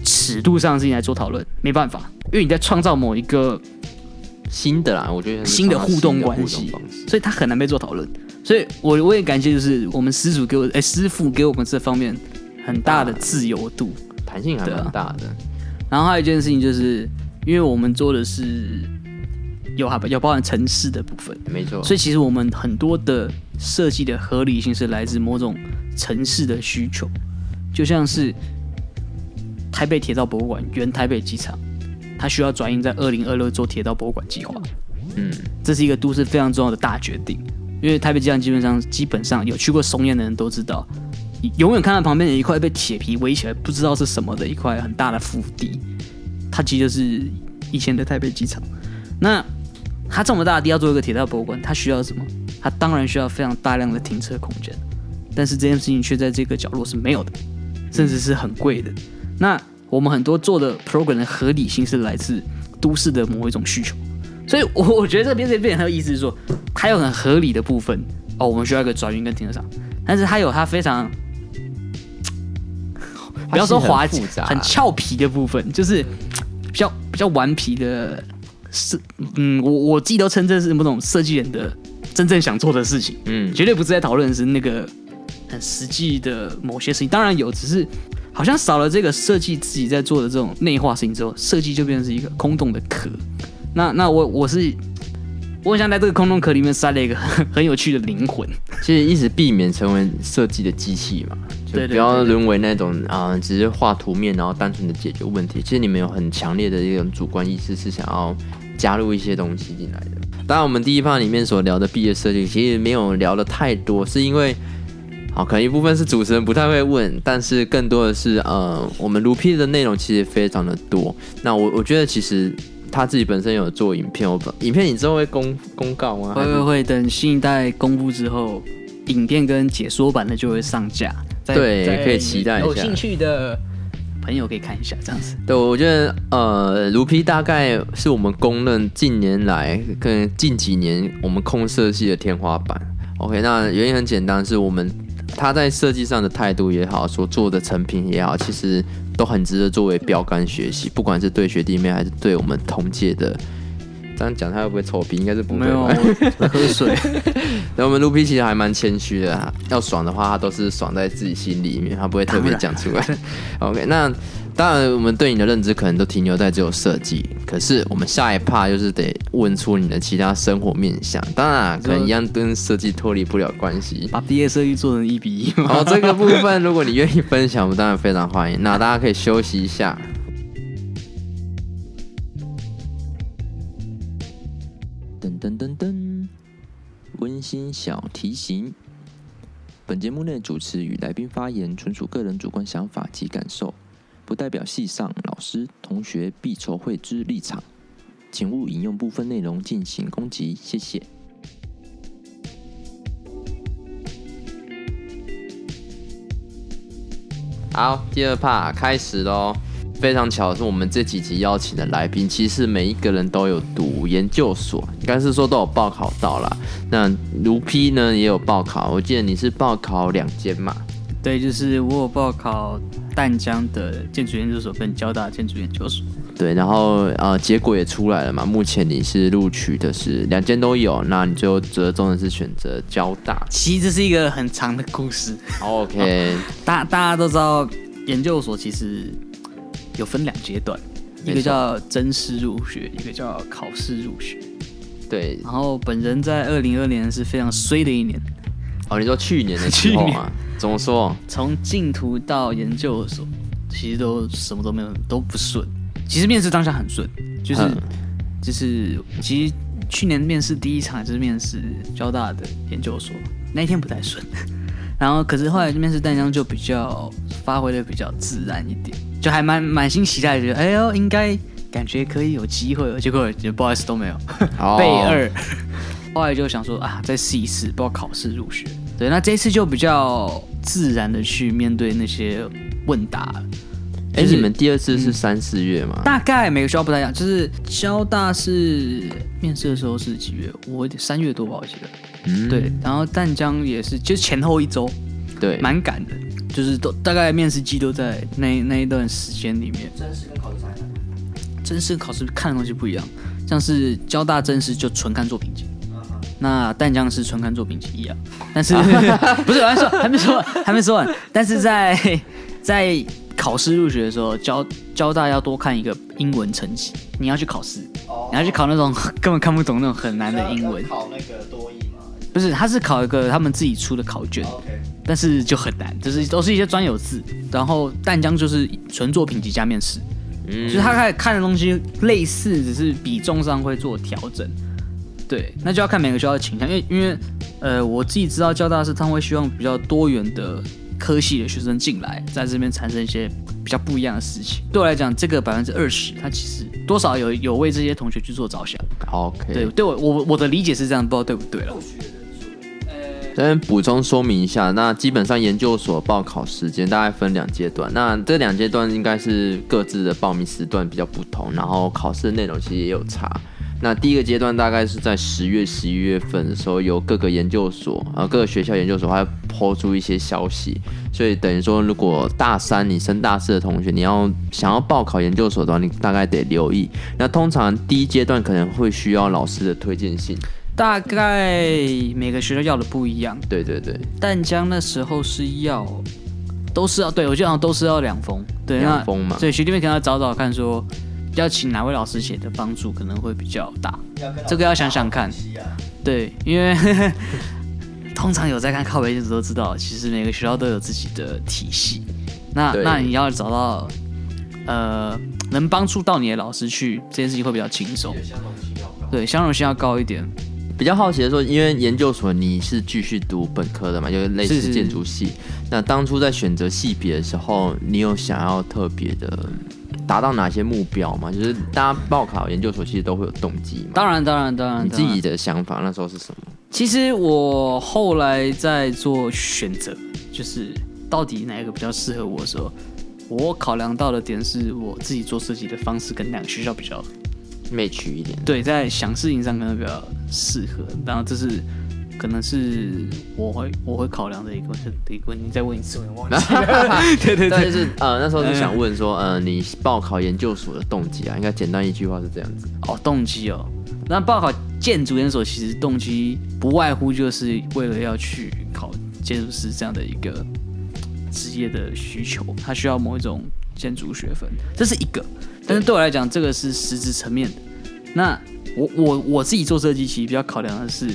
[SPEAKER 2] 尺度上的事情來做討論？沒辦法，因為你在創造某一個新的啦，我覺得新的互動關係，所以他很難被做討論。所以我，我我也感謝，就是我們師祖給我，哎，師傅給我們這方面很大的自由度，很大的對彈性還蠻大的。然後還有一件事情，就是因為我們做的是。有哈，包含城市的部分，沒錯。所以其實我們很多的設計的合理性是來自某種城市的需求，就像是台北鐵道博物館、原台北機場，它需要轉移在二零二六做鐵道博物館計劃。嗯，這是一個都市非常重要的大決定，因為台北機場基本上基本上有去過松菸的人都知道，永遠看到旁邊有一塊被鐵皮圍起來，不知道是什麼的一塊很大的腹地，它其實就是以前的台北機場。那他這麼大的地要做一個鐵道博物館，他需要什麼？他當然需要非常大量的停車空間，但是這件事情卻在這個角落是沒有的，甚至是很貴的。那我們很多做的 program 的合理性是來自都市的某一種需求，所以我我覺得這邊這邊很有意思是說，說它有很合理的部分哦，我們需要一個轉運跟停車場，但是它有它非常它
[SPEAKER 3] 不要說滑稽、很俏
[SPEAKER 2] 皮的部分，就是比較比較頑皮的。是，嗯，我我自己都稱這是某種設計人的真正想做的事情，嗯，絕對不是在討論的是那個很實際的某些事情。當然有，只是好像少了這個設計自己在做的這種內化事情之後，設計就變成是一個空洞的殼。那那我我是我很想在這個空洞殼裡面塞了一個
[SPEAKER 1] 很有趣的靈魂。其實一直避免成為設計的機器嘛，對，對，不要淪為那種啊、呃，只是畫圖面然後單純的解決問題。其實你們有很強烈的一種主觀意識，是想要。加入一些東西進來的。當然，我們第一趴裡面所聊的畢業設計，其實沒有聊得太多，是因為，好，可能一部分是主持人不太會問，但是更多的是，呃，我們盧 P 的內容其實非常的多。那我我覺得其實他自己本身有做影片，我本影片你之後會公公告嗎？會，不會會會，等新
[SPEAKER 2] 一代公布之後，影片跟解說版的就會上架。再對，可以期待一下。有興趣的。朋友可以看一下這樣子，
[SPEAKER 1] 對，我覺得，呃，盧 P 大概是我們公認近年來跟近幾年我們空設系的天花板。OK，那原因很簡單，是我們他在設計上的態度也好，所做的成品也好，其實都很值得作為標桿學習，不管是對學弟妹還是對我們同屆的。這樣講他又不會臭屁？應該是不
[SPEAKER 3] 會。沒有喝水。
[SPEAKER 1] [LAUGHS] [LAUGHS] 我們盧皮其實還蠻謙虛的、啊，要爽的話他都是爽在自己心裡面，他不會特別講出來。然 OK，那當然我們對你的認知可能都停留在只有設計，可是我們下一 p 就是得問出你的其他生活面向。當然、啊、可能一樣跟設計脫離不了關係，把畢業設計做成一比一嘛。哦，這個部分如果你願意分享， [LAUGHS] 我們當然非常歡迎。那大家可以休息一下。噔噔噔！溫馨小提醒：本節目內主持與來賓發言，純屬個人主觀想法及感受，不代表系上老師、同學畢籌會之立場，請勿引用部分內容進行攻擊，謝謝。好，第二趴開始嘍。非常巧的是，我們這幾集邀請的來賓，其實每一個人都有讀研究所，應該是說都有報考到了。那盧 P 呢，也有報考，我記得你是報考兩間嘛？對，就是我有報
[SPEAKER 2] 考淡江的建築研究所跟交大建築研究所。
[SPEAKER 1] 對，然後呃，結果也出來了嘛，目前你是錄取的是兩間都有，那你就折中的是選擇交大。其
[SPEAKER 2] 實這是一個很長的故事。OK，
[SPEAKER 1] 大、 [LAUGHS] 嗯、大家都
[SPEAKER 2] 知道，研究所其實。有分兩階段，一個叫甄試入學，錯一個叫考試入學。
[SPEAKER 1] 對，
[SPEAKER 2] 然後本人在二零二二年是非常衰的一年。
[SPEAKER 1] 哦，你說去年的情況、啊？ [LAUGHS] 去年怎麼說？
[SPEAKER 2] 從進圖到研究所，其實都什麼都沒有，都不順。其實面試當下很順，就是、嗯、就是，其實去年面試第一場就是面試交大的研究所，那一天不太順。然後，可是後來面試淡江就比較發揮的比較自然一點，就還蠻滿心期待的，覺得哎呦應該感覺可以有機會，結果連 b o s 都沒有背 [LAUGHS] 二，oh. 後來就想說啊再試
[SPEAKER 1] 一次，包括考試入學。
[SPEAKER 2] 對，那這次就比較自然的去面對那些
[SPEAKER 1] 問答。哎、欸，你們第二次是三四月嗎、嗯？
[SPEAKER 2] 大概每個學校不太一樣，就是交大是面試的時候是幾月？我三月多吧，我記得。嗯，對。然後淡江也是，就前後一周。對，蠻趕的，就是都大概面試季都在那那一段時間裡面。甄試跟考試差不？甄試跟考試看的東西不一樣，像是交大甄試就純看作品集，嗯嗯、那淡江是純看作品集一樣。但是、 [LAUGHS] 啊、不是？還沒說，還沒說，還沒說完。還沒說完，但是在在。考試入學的時候，交交大要多看一個英文成績。你要去考試，oh, oh. 你要去考那種根本看不懂、那種很難的英文。考那個
[SPEAKER 3] 多益
[SPEAKER 2] 嘛？不是，他是考一個他們自己出的考卷。Oh, okay. 但是就很難，就是都是一些專有字。然後淡江就是純作品集加面試，嗯 oh. 就是他看看的東西類似，只是比重上會做調整。對，那就要看每個學校的傾向，因為因為呃，我自己知道交大是他會希望比較多元的。科系的學生進來，在這邊產生一些比較不一樣的事情。對我來講，這個百分之二十，它其實多少有有為這些同學去做着想。OK，對，對我我我的理解是這樣，不知道對不對了。
[SPEAKER 1] 先補充說明一下，那基本上研究所報考時間大概分兩階段，那這兩階段應該是各自的報名時段比較不同，然後考試的內容其實也有差。那第一個階段大概是在十月、十一月份的時候，有各個研究所啊，呃、各個學校研究所還拋出一些消息，所以等於說，如果大三你升大四的同學，你要想要報考研究所的話，你大概得留意。那通常第一階段可能會需要老師的推薦信，
[SPEAKER 2] 大概每個學校要的不一樣。對對對，淡江那時候是要，都是要，對，我覺得好像都是要兩封，對，兩封嘛。所以學弟妹可以找找看說。要請哪位老師寫的幫助可能會比較大，這個要想想看。對，因為 [LAUGHS] 通常有在看靠北建築的都知道，其實每個學校都有自己的體系。那那你要找到呃能幫助到你的老師去，這件事
[SPEAKER 1] 情會比較輕鬆。相容性要高。對，相容性要高一點。比較好奇的說，因為研究所你是繼續讀本科的嘛，就是類似建築系。那當初在選擇系別的時候，你有想要特別的？達到哪些目標嘛？就是大家報考研究所其實都會有動機嘛。當然，當然，當然。你自己的想法那時候是什麼？
[SPEAKER 2] 其實我後來在做選擇，就是到底哪一個比較適合我的時候，我考量到的點是我自己做設計的方式跟哪個學校比較 match 一點。對，在想事情上可能比較適合。然後這、就是。可能是我會我會考量的一個問題，你再問一次，我忘記了。 [LAUGHS] 對對對但、就是，但是
[SPEAKER 1] 呃，那時候就想問說、呃，你報考研究所的動機啊，應該簡單一句話是這樣子。哦，動機哦。那報考建築研究所，其實動機不外乎就
[SPEAKER 2] 是為了要去考建築師這樣的一個職業的需求，它需要某一種建築學分，這是一個。但是對我來講，這個是實質層面的。對那我我我自己做設計，其實比較考量的是。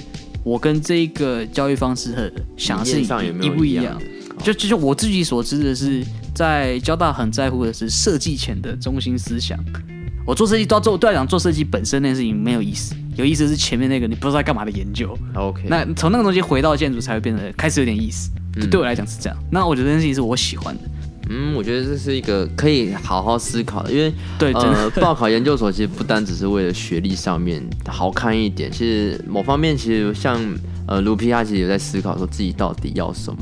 [SPEAKER 2] 我跟這個教育方式和想的是，一不一樣？就就就我自己所知的是，在交大很在乎的是設計前的中心思想。我做設計到最後，對我來講做設計本身那件事情沒有意思，有意思是前面那個你不知道在幹嘛的研究。OK，那從那個東西回到建築才會變得開始有點意思，對我來講是這樣。那我覺得這件事情是我喜歡的。
[SPEAKER 1] 嗯，我覺得這是一個可以好好思考的，因為對呃，報考研究所其實不單只是為了學歷上面好看一點，其實某方面其實像呃盧 P 啊其實有在思考說自己到底要什麼。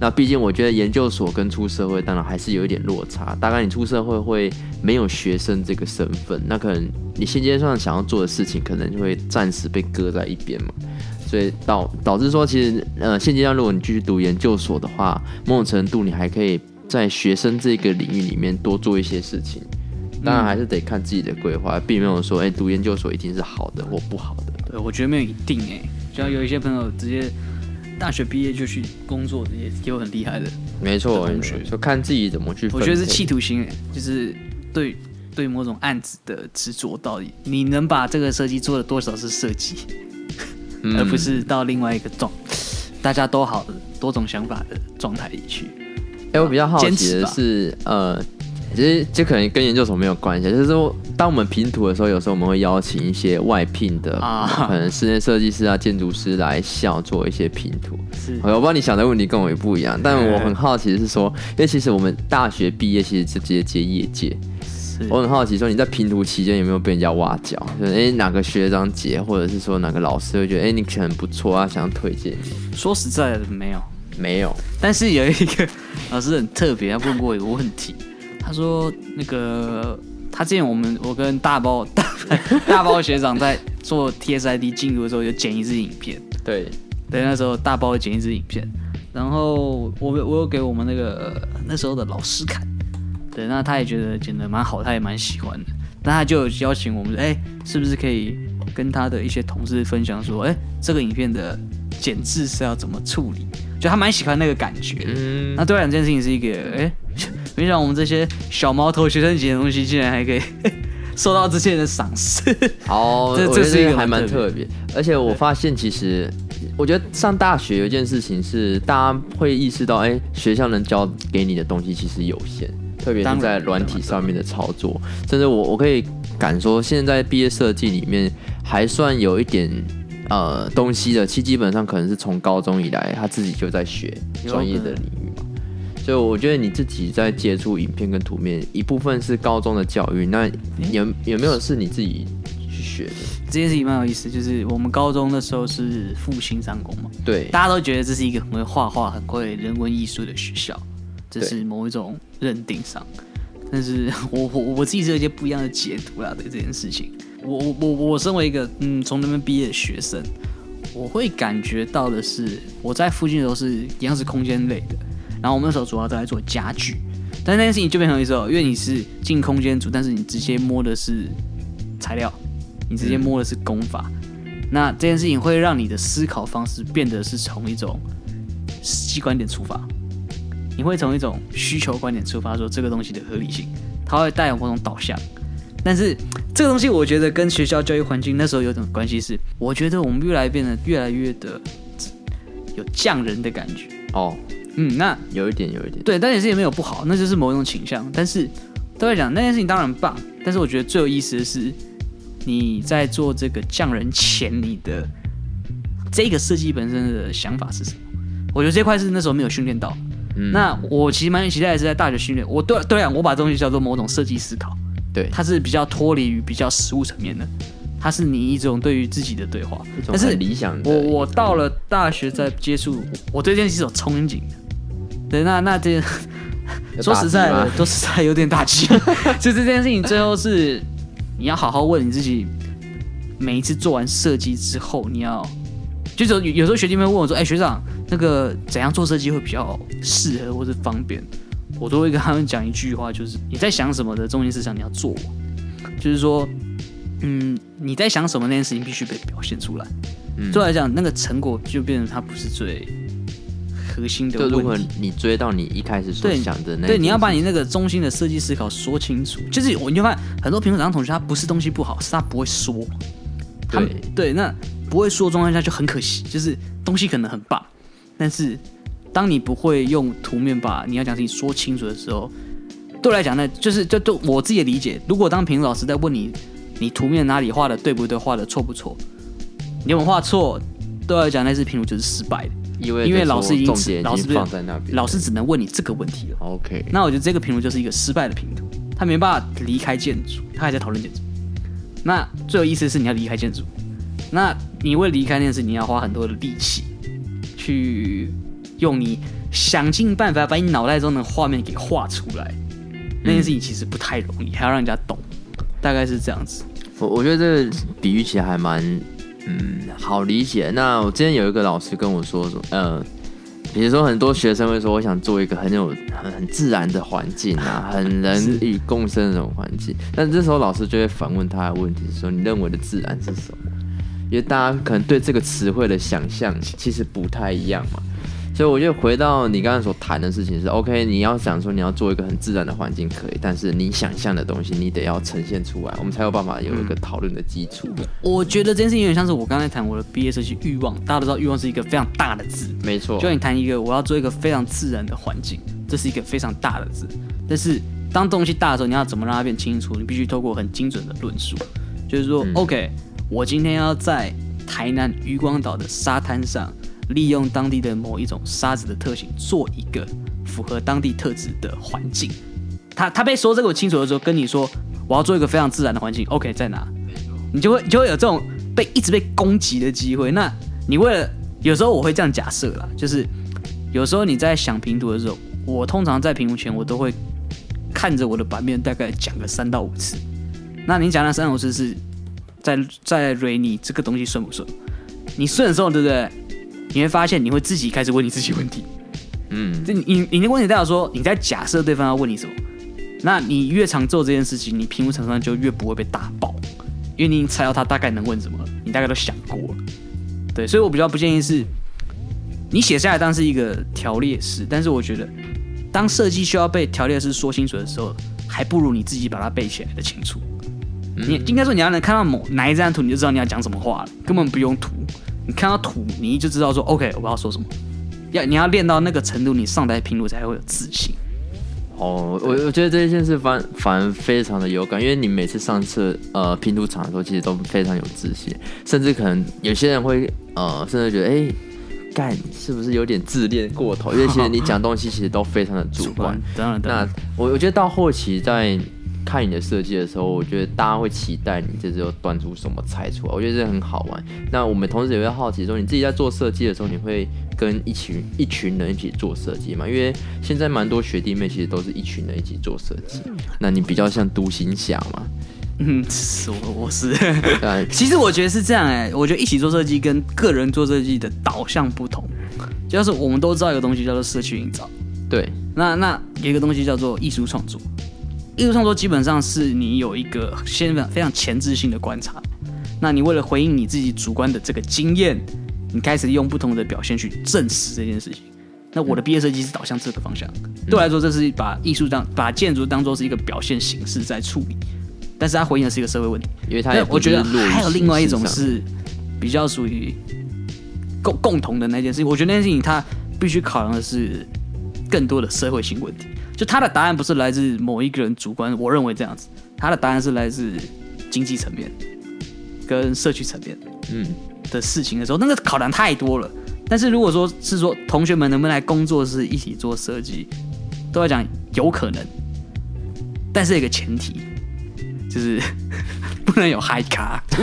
[SPEAKER 1] 那畢竟我覺得研究所跟出社會當然還是有一點落差，大概你出社會會，會沒有學生這個身份，那可能你現階段想要做的事情可能就會暫時被擱在一邊嘛，所以導導致說其實呃現階段如果你繼續讀研究所的話，某種程度你還可以。在學生這個領域裡面多做一些事情，當然還是得看自己的規劃，嗯、並沒有說哎、欸，讀研究所一定是好的或不好的。
[SPEAKER 2] 對，對我覺得沒有一定哎、欸，就像有一些朋友直接大學畢業就去工作，也也有很厲害的。
[SPEAKER 1] 沒錯錯，沒錯，就看自己怎麼去。我覺得是企圖
[SPEAKER 2] 心、欸，就是對對某種案子的執着到底，你能把這個設計做了多少是設計，
[SPEAKER 3] 嗯、而不是
[SPEAKER 2] 到另外一個狀，大家都好的多種想法的狀態裡去。
[SPEAKER 1] 哎，欸、我比較
[SPEAKER 3] 好奇的
[SPEAKER 2] 是，
[SPEAKER 1] 啊、呃，其實這可能跟研究所沒有關係，就是說，當我們評圖的時候，有時候我們會邀請一些外聘的、啊、可能室內設計師啊、建築師來校做一些評圖。是，okay, 我不知道你想的問題跟我也不一樣，對但我很好奇的是說，因為其實我們大學畢業其實直接接業界，是我很好奇說你在評圖期間有沒有被人家挖角？就是哎、欸，哪個學長姐或者是說哪個老師會覺得哎，欸、你可能不錯啊，想要推薦你？
[SPEAKER 2] 說實在的，沒有，
[SPEAKER 1] 沒有，但是有一個。 [LAUGHS] 老師很特別，他問
[SPEAKER 2] 過我一個問題，他說那個他之前我們我跟大包大大包學長在做 TSID 進入的時候，有剪一支影片，對，對，那時候大包剪一支影片，然後我我有給我們那個那時候的老師看，對，那他也覺得剪得的蠻好，他也蠻喜歡的，那他就有邀請我們，哎、欸，是不是可以跟他的一些同事分享說，哎、欸，這個影片的剪製是要怎麼處理？就他蠻喜歡那個感覺，嗯、那對兩件事情是一個，哎，沒想到我們這些小毛頭學生級的東西，竟然還可以受到這些人的賞識，哦好，
[SPEAKER 1] 這，這是一個，我覺得這個還蠻特別。而且我發現，其實我覺得上大學有一件事情是大家會意識到，哎，學校能教給你的東西其實有限，特別是在軟體上面的操作，的甚至我我可以敢說，現在畢業設計裡面還算有一點。呃，東西的，其實基本上可能是從高中以來，他自己就在學專業的領域嘛。嗯、所以我覺得你自己在接觸影片跟圖面一部分是高中的教育，那有、欸、有沒有是你自己去學的？這
[SPEAKER 2] 件事情蠻有意思，就是我們高中
[SPEAKER 1] 的時候是，是復興商工嘛，對，大
[SPEAKER 2] 家都覺得這是一個很會畫畫、很會人文藝術的學校，這是某一種認定上。對但是我我我自己是有一些不一樣的解讀啦，對這件事情。我我我我身為一個嗯，從那邊畢業的學生，我會感覺到的是，我在附近的時候是一樣是空間類的，然後我們那時候主要都在做家具，但是那件事情就變成一種，因為你是進空間組，但是你直接摸的是材料，你直接摸的是工法，嗯、那這件事情會讓你的思考方式變得是從一種實際觀點出發，你會從一種需求觀點出發，說這個東西的合理性，它會帶有某種導向。但是這個東西，我覺得跟學校教育環境那時候有種關係。是，我覺得我們越來越變得越來越的有匠人的感覺。哦，嗯，那有一點，有一點。對，但也是也沒有不好，那就是某一種傾向。但是都在講那件事情當然棒，但是我覺得最有意思的是你在做這個匠人前，你的這個設計本身的想法是什麼？我覺得這塊是那時候沒有訓練到。嗯，那我其實蠻期待的是在大學訓練。我對，對啊，我把東西叫做某種設計思考。對，它是比較脫離於比較實物層面的，它是你一種對於自己的對話，但是理想。我我到了大學在接觸、嗯，我對這件事情有憧憬的。對，那那這說實在的，都實在有點打擊。就 [LAUGHS] 這件事情最後是，你要好好問你自己， [LAUGHS] 每一次做完設計之後，你要就是有，有時候學弟們問我說：“哎、欸，學長，那個怎樣做設計會比較適合或是方便？”我都會跟他們講一句話，就是你在想什麼的中心思想，你要做。就是說，嗯，你在想什麼那件事情必須被表現出來。嗯，就來講那個成果，就變成它
[SPEAKER 1] 不是最核心的問題。就如果你追到你一開始所對想的那事，對，你要把
[SPEAKER 2] 你那個中心的設計思考說清楚。就是我，你就發現很多評圖上同學，他不是東西不好，是他不會說。他對，對，那不會說，狀況下就很可惜。就是東西可能很棒，但是。當你不會用圖面把你要講的事情說清楚的時候，對我來講呢，就是就，就我自己的理解，如果當評圖老師在問你，你圖面哪裡畫的對不對，畫的錯不錯，你有沒有畫錯，對我來講那是評圖就是失敗的，因為，因為老師因此已經老師不是老師只能問你這個問題了。OK，那我覺得這個評圖就是一個失敗的評圖，他沒辦法離開建築，他還在討論建築。那最有意思是你要離開建築，那你為離開那件事，那你，你要花很多的力氣去。用你想盡辦法把你腦袋中的畫面給畫出
[SPEAKER 1] 來，
[SPEAKER 3] 那件事情
[SPEAKER 2] 其
[SPEAKER 1] 實不太容易，嗯、還要讓人家懂，大概是這樣子。我我覺得這個比喻起來還蠻嗯好理解。那我之前有一個老師跟我說說，嗯、呃，比如說很多學生會說我想做一個很有很很自然的環境啊，很人與共生的那種環境，是但這時候老師就會反問他的問題說，你認為的自然是什麼？因為大家可能對這個詞彙的想象其實不太一樣嘛。所以我就回到你剛才所談的事情是，OK，你要想說你要做一個很自然的環境可以，但是你想象的東西你得要呈現出來，我們才有辦法有一個討論的基礎。嗯、
[SPEAKER 2] 我覺得這件事有點像是我剛才談我的畢業設計慾望，大家都知道慾望是一個非常大的字，
[SPEAKER 1] 沒錯。就你
[SPEAKER 2] 談一個我要做一個非常自然的環境，這是一個非常大的字，但是當東西大的時候，你要怎麼讓它變清楚？你必須透過很精準的論述，就是說、嗯、，OK，我今天要在台南漁光島的沙灘上。利用當地的某一種沙子的特性，做一個符合當地特質的環境。他他被說這個我清楚的時候，跟你說我要做一個非常自然的環境。OK，在哪？你就會你就會有這種被一直被攻擊的機會。那你為了有時候我會這樣假設啦，就是有時候你在想評圖的時候，我通常在屏幕前我都會看着我的版面，大概講個三到五次。那你講那三五次是在在懟你這個東西順不順？你順的時候對不對？你會發現，你會自己開始問你自己問題。嗯，這你你的問題代表說你在假設對方要問你什麼。那你越常做這件事情，你評圖場上就越不會被打爆，因為你已經猜到他大概能問什麼，你大概都想過了。對，所以我比較不建議是你寫下來當是一個條列式，但是我覺得當設計需要被條列式說清楚的時候，還不如你自己把它背起來的清楚。嗯，你應該說你要能看到某哪一張圖，你就知道你要講什麼話了，根本不用圖。你看到圖你就知道說，OK，我不知道說什麼，要你要練到那個程度，你上台評圖才會有自信。哦、
[SPEAKER 1] oh, 對，我我覺得這件事反反而非常的有感，因為你每次上次呃評圖場的時候，其實都非常有自信，甚至可能有些人會呃甚至覺得，哎、欸，幹是不是有點自戀過頭？ [LAUGHS] 因為其實你講東西其實都非常的主觀。當然， [LAUGHS] 那我我覺得到後期在。 [LAUGHS] 看你的設計的時候，我覺得大家會期待你這時候端出什麼菜出來，我覺得這很好玩。那我們同時也會好奇說，你自己在做設計的時候，你會跟一群一群人一起做設計嗎？因為現在蠻多學弟妹其實都是一群人一起做設計，那你比較像獨行俠嘛？嗯，我我是， [LAUGHS] 其
[SPEAKER 2] 實我覺得是這樣哎、欸，我覺得一起做設計跟個人做設計的導向不同，就是我們都知道有對有一個東西叫做社區營造，對，那那一個東西叫做藝術創作。藝術創作基本上是你有一個非常非常前置性的觀察，那你為了回應你自己主觀的這個經驗，你開始用不同的表現去證實這件事情。那我的畢業設計是導向這個方向，嗯、對我來說，這是把藝術當把建築當做是一個表現形式在處理，但是它回應的是一個社會問題。因為他的我覺得還有另外一種是比較屬於共共同的那件事情，我覺得那件事情它必須考量的是更多的社會性問題。就他的答案不是來自某一個人主觀，我認為這樣子，他的答案是來自經濟層面跟社區層面，嗯的事情的時候，那個考量太多了。但是如果說是說同學們能不能來工作室一起做設計，都要講有可能，但是有個前提就是不能
[SPEAKER 1] 有嗨咖，
[SPEAKER 2] 卡，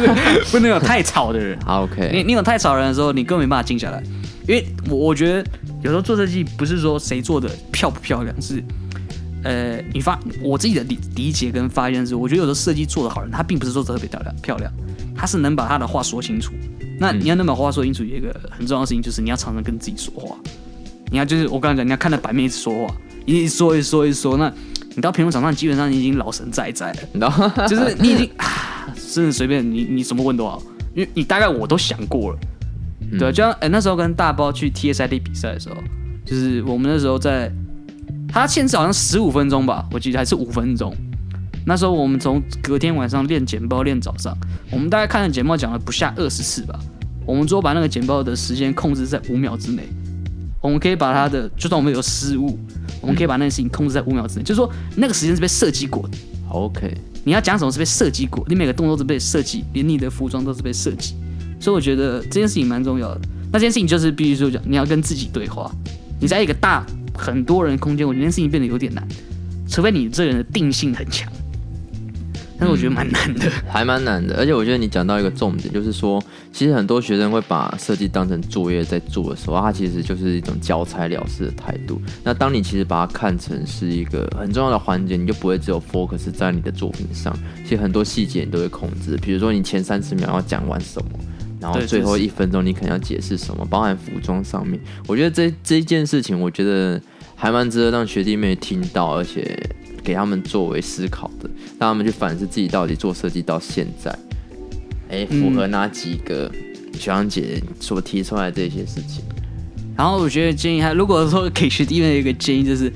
[SPEAKER 2] 不能有太吵的人。
[SPEAKER 1] [LAUGHS] 好，OK，你
[SPEAKER 2] 你有太吵的人的時候，你根本沒辦法靜下來，因為我我覺得有時候做設計不是說誰做的漂不漂亮是。呃，你發我自己的理理解跟發言是，我覺得有的設計做的好人，他並不是做得特別漂亮漂亮，他是能把他的話說清楚。那你要能把話說清楚，有一個很重要的事情就是你要常常跟自己說話。你要就是我剛才講，你要看着版面一直說話，一直說一直說一直說，那你到評圖場上基本上你已經老神在在了，No 就是你已經 [LAUGHS] 啊，真的隨便你你什麼問都好，因為你大概我都想過了。對，就像哎、呃、那時候跟大包去 TSID 比賽的時候，就是我們那時候在。它限制好像十五分鐘吧，我記得還是五分鐘。那時候我們從隔天晚上練簡報，練早上，我們大概看了簡報講了不下二十次吧。我們說把那個簡報的時間控制在五秒之內，我們可以把它的，就算我們有失誤，我們可以把那件事情控制在五秒之內。就是說，那個時間是被設計過的。OK，你要講什麼？是被設計過？你每個動作都被設計，連你的服裝都是被設計。所以我覺得這件事情蠻重要的。那件事情就是必須說講，你要跟自己對話，你在一個大。很多人空間，我覺得事情變得有點難，除非你這人的定性很強，但是我覺得蠻難的，
[SPEAKER 1] 嗯、還蠻難的。而且我覺得你講到一個重點，就是說，其實很多學生會把設計當成作業在做的時候，它、啊、其實就是一種交差了事的態度。那當你其實把它看成是一個很重要的環節，你就不會只有 focus 在你的作品上，其實很多細節你都會控制。比如說，你前三十秒要講完什麼？然後最後一分鐘，你肯定要解釋什麼，包含服裝上面。我覺得這這件事情，我覺得還蠻值得讓學弟妹聽到，而且給他們作為思考的，讓他們去反思自己到底做設計到現在，哎、嗯，符合哪幾個學長姐所提出來這些事情。
[SPEAKER 2] 然後我覺得建議還，如果說給學弟妹一個建議，就是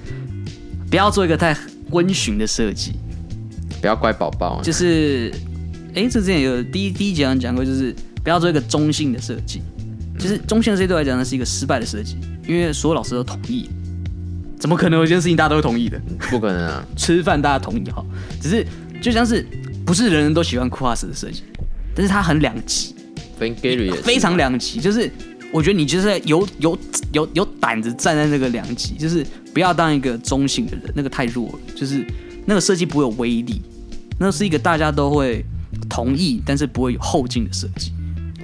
[SPEAKER 2] 不要做一個太溫馴的設計，
[SPEAKER 1] 不要乖寶寶。就
[SPEAKER 2] 是，哎，這之前有第一第一集上講過，就是。不要做一個中性的設計，就是中性的設計對我來講呢，是一個失敗的設計，因為所有老師都同意。怎麼可能有一件事情大家都會同意的？不可能啊！ [LAUGHS] 吃飯大家同意哈，只是就像是不是人人都喜歡庫哈斯的設計，但是它很兩極，ing 非常兩極。就是我覺得你就是在有有有有膽子站在那個兩極，就是不要當一個中性的人，那個太弱了，就是那個設計不會有威力，那是一個大家都會同意，但是不會有後勁的設計。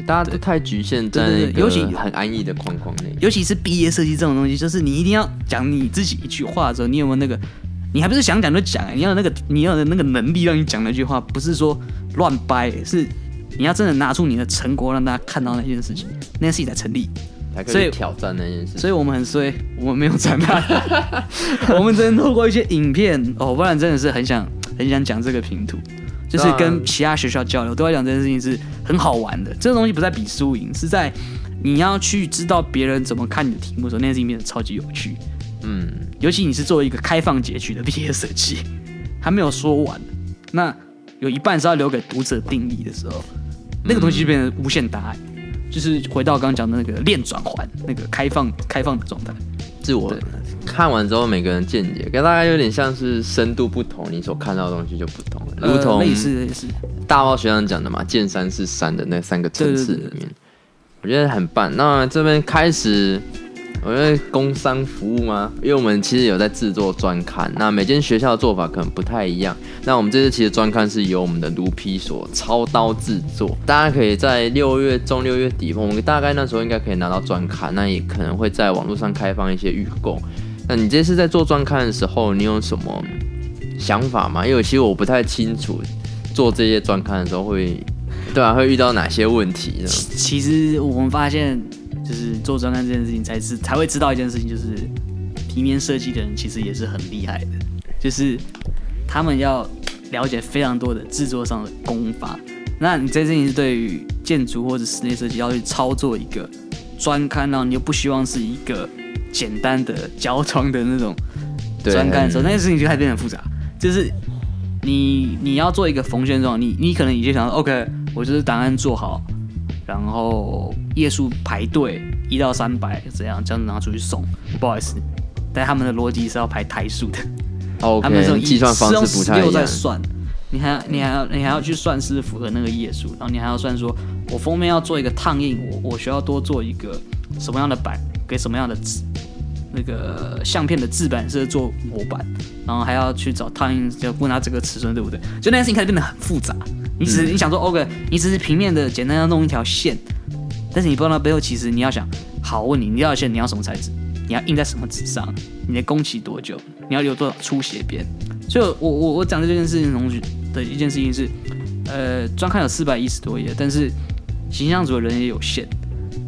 [SPEAKER 2] 大家都太局限在那個對對對對尤其很安逸的框框內。尤其是畢業設計這種東西，就是你一定要講你自己一句話的時候，你有沒有那個？你還不是想講就講，欸？你要有那個，你要的那個能力讓你講那句話，不是說亂掰，欸，是你要真的拿出你的成果讓大家看到那件事情，那件事情才成立，才可以挑
[SPEAKER 1] 戰那件事。所以，
[SPEAKER 2] 所以我們很衰，我們沒有展覽， [LAUGHS] 我們只能透過一些影片哦，不然真的是很想很想講這個評圖。就是跟其他學校交流，都在講這件事情是很好玩的。這個東西不在比輸贏，是在你要去知道別人怎麼看你的題目的時候，那件事情變得超級有趣。
[SPEAKER 1] 嗯，
[SPEAKER 2] 尤其你是作為一個開放結局的畢業設計，還沒有說完，那有一半是要留給讀者定義的時候，
[SPEAKER 1] 那個東西就變成無限答案。嗯，就是回到剛剛講的那個戀轉圜，那個開放開放的狀態，自是我。看完之後，每個人見解跟大家有點像是深度不同，你所看到的東西就不同了，呃、如同類似類似大包學長講的嘛，見山是山的那三個層次裡面，對對對對，我覺得很棒。那這邊開始，我覺得工商服務嗎？因為我們其實有在製作專刊，那每間學校的做法可能不太一樣。那我們這次其實專刊是由我們的盧 P 所操刀製作，大家可以在六月中六月底，我們大概那時候應該可以拿到專刊，那也可能會在網絡上開放一些預購。那、啊、你這次在做專刊的時候，你有什麼想法嗎？因為其實我不太清楚做這些專刊的時候會，對啊，會遇到哪些問題呢？
[SPEAKER 2] 其實我們發現，就是做專刊這件事情，才是才會知道一件事情，就是平面設計的人其實也是很厲害的，就是他們要了解非常多的制作上的功法。那你這件事情對於建築或者室內設計要去操作一個專刊呢、啊，然後你又不希望是一個。簡單的膠裝的那種專干的時候，那些事情就開始變得複雜。就是你你要做一個縫線裝，你你可能已經想到，OK，我就是檔案做好，然後頁數排隊一到三百這樣，這樣拿出去送。不好意思，但他們的邏輯是要排台數的
[SPEAKER 3] ，OK, 他們的這種計算方式又在
[SPEAKER 2] 算。你還你還，你還要你還要去算，是符合那個頁數，然後你還要算說我封面要做一個燙印，我我需要多做一個什麼樣的版。給什麼樣的紙？那個相片的製版是做模板，然後還要去找燙印，要問他整個尺寸對不對？就那件事情開始變得很複雜。你只、嗯、你想說 OK，你只是平面的簡單要弄一條線，但是你不知道背後其實你要想，好，我問你，你要線，你要什麼材質？你要印在什麼紙上？你的工期多久？你要留多少出血邊？所以我我我講的這件事情中的一件事情是，呃，專刊有四百一十多頁，但是形象組的人也有限，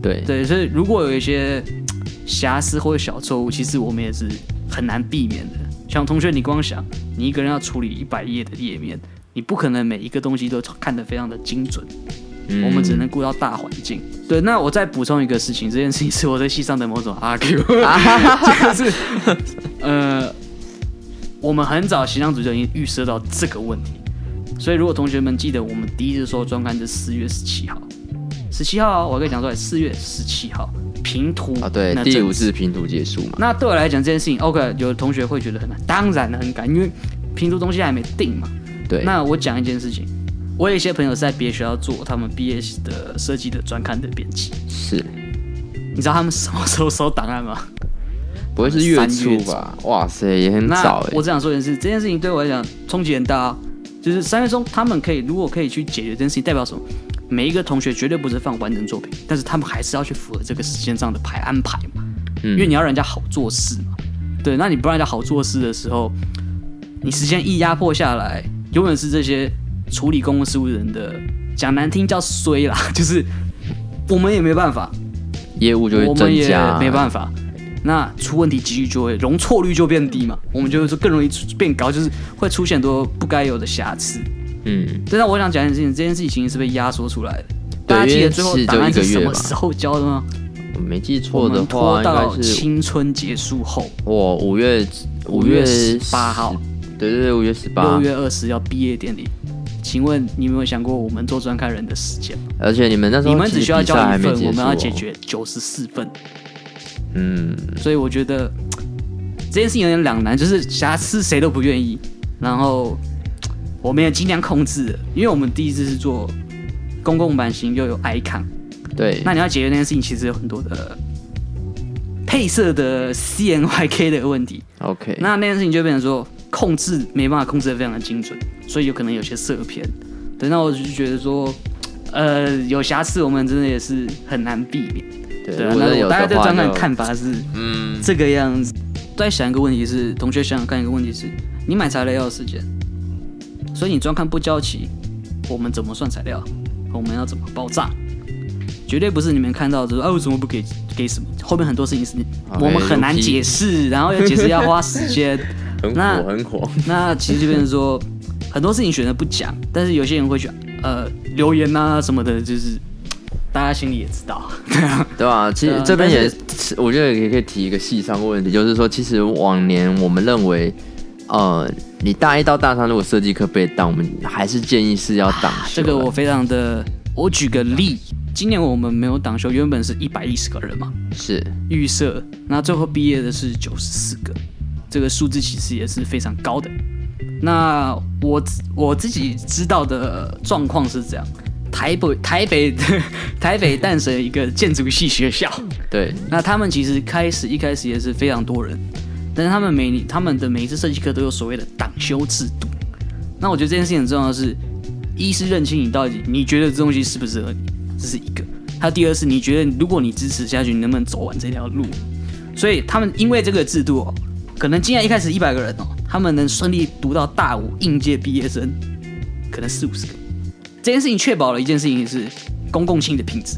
[SPEAKER 1] 對對，
[SPEAKER 2] 所以如果有一些。瑕疵或者小錯誤，其實我們也是很難避免的。像同學，你光想你一個人要處理一百頁的頁面，你不可能每一個東西都看得非常的精準。嗯、
[SPEAKER 3] 我們只能
[SPEAKER 2] 顧到大環境。對，那我再補充一個事情，這件事情是我在系上的某種阿 Q， [LAUGHS] 啊、就是 [LAUGHS] 呃，我們很早形象組就已經預設到這個問題，所以如果同學們記得，我們第一次說專刊是四月十七號，十七號，我可以講出來，四月十七號。評圖啊、哦，對，第五次
[SPEAKER 1] 評圖結束嘛。那
[SPEAKER 2] 對我來講這件事情，OK，有的同學會覺得很難，當然很趕，因為評圖東西還沒定嘛。對，那我講一件事情，我有一些朋友是在別學校做他們畢設的設計的專刊的編輯，是你知道他們什麼時候收檔案嗎？
[SPEAKER 1] 不會是月初吧？ [LAUGHS] 哇塞，也很早，欸。我只
[SPEAKER 2] 想說一件事，這件事情對我來講衝擊很大，啊，就是三月中他們可以如果可以去解決這件事情，代表什麼？每一個同學絕對不是放完整作品，但是他們還是要去符合這個時間上的排安排嘛。嗯、因為你要讓人家好做事嘛。對，那你不讓人家好做事的時候，你時間一壓迫下來，永遠是這些處理公共事務的人的講難聽叫衰啦，就是我們也沒辦法，
[SPEAKER 1] 業務就會增加，我們也沒辦法。
[SPEAKER 2] 那出問題幾率就會，容錯率就變低嘛，我們就更容易變高，就是會出現很多不該有的瑕疵。嗯，真的。我想講一件事情，這件事情是被壓縮出來
[SPEAKER 1] 的。對，因為最後答案是什麼時候交的嗎？我沒記錯的話，拖到青
[SPEAKER 2] 春結束後。
[SPEAKER 1] 哇、哦，五月五月，五月十八號，對對對，五月十八，六月
[SPEAKER 2] 二十要畢業典禮。請問你們有，有想過我們做專刊人的
[SPEAKER 1] 時間？而且你們那時候，你們只需要交一份，我們要解決
[SPEAKER 2] 九十四份。嗯，所以我覺得這件事情有點兩難，就是瑕疵誰都不願意，然後。嗯我們也盡量控制，因為我們第一次是做公共版型，又有 icon。
[SPEAKER 1] 對。那
[SPEAKER 2] 你要解決那件事情，其實有很多的配色的 CMYK 的問題。OK，那那件事情就變成說控制沒辦法控制得非常的精準，所以有可能有些色偏。對，那我就覺得說，呃，有瑕疵，我們真的也是很難避免。對，對啊、那我大概家對這的看法是，嗯，這個樣子。再、嗯、想一個問題是，是同學想想看一個問題是，是你買材料要時間。所以你專看不交齊，我們怎麼算材料？我們要怎麼報帳？絕對不是你們看到的說啊，為什麼不給給什麼？後面很多事情是我們很難解釋，okay, 然後要解釋要花時間。 [LAUGHS] 那很火很火。那其實就變成說，很多事情選擇不講，但是有些人會去呃留言啊什麼的，就是大家心裡也知道。
[SPEAKER 1] 對啊。對其實這邊也是我覺得也可以提一個細商問題，就是說其實往年我們認為呃。你大一到大三，如果設計課被擋，我們還是建議是要擋、啊。
[SPEAKER 2] 這個我非常的，我舉個例，今年我們沒有擋修，原本是一百一十個人嘛，是預設，那最後畢業的是九十四個，這個數字其實也是非常高的。那我我自己知道的狀況是這樣，台北台北的台北淡水一個建築系學校，對，那他們其實開始一開始也是非常多人。但是他們每他們的每一次設計課都有所謂的黨修制度，那我覺得這件事情很重要的是，一是認清你到底你覺得這東西適不適合你，這是一個；還有第二是你覺得如果你支持下去，你能不能走完這條路？所以他們因為這個制度哦，可能今天一開始一百個人哦，他們能順利讀到大五應屆畢業生，可能四五十個。這件事情確保了一件事情是公共性的品質，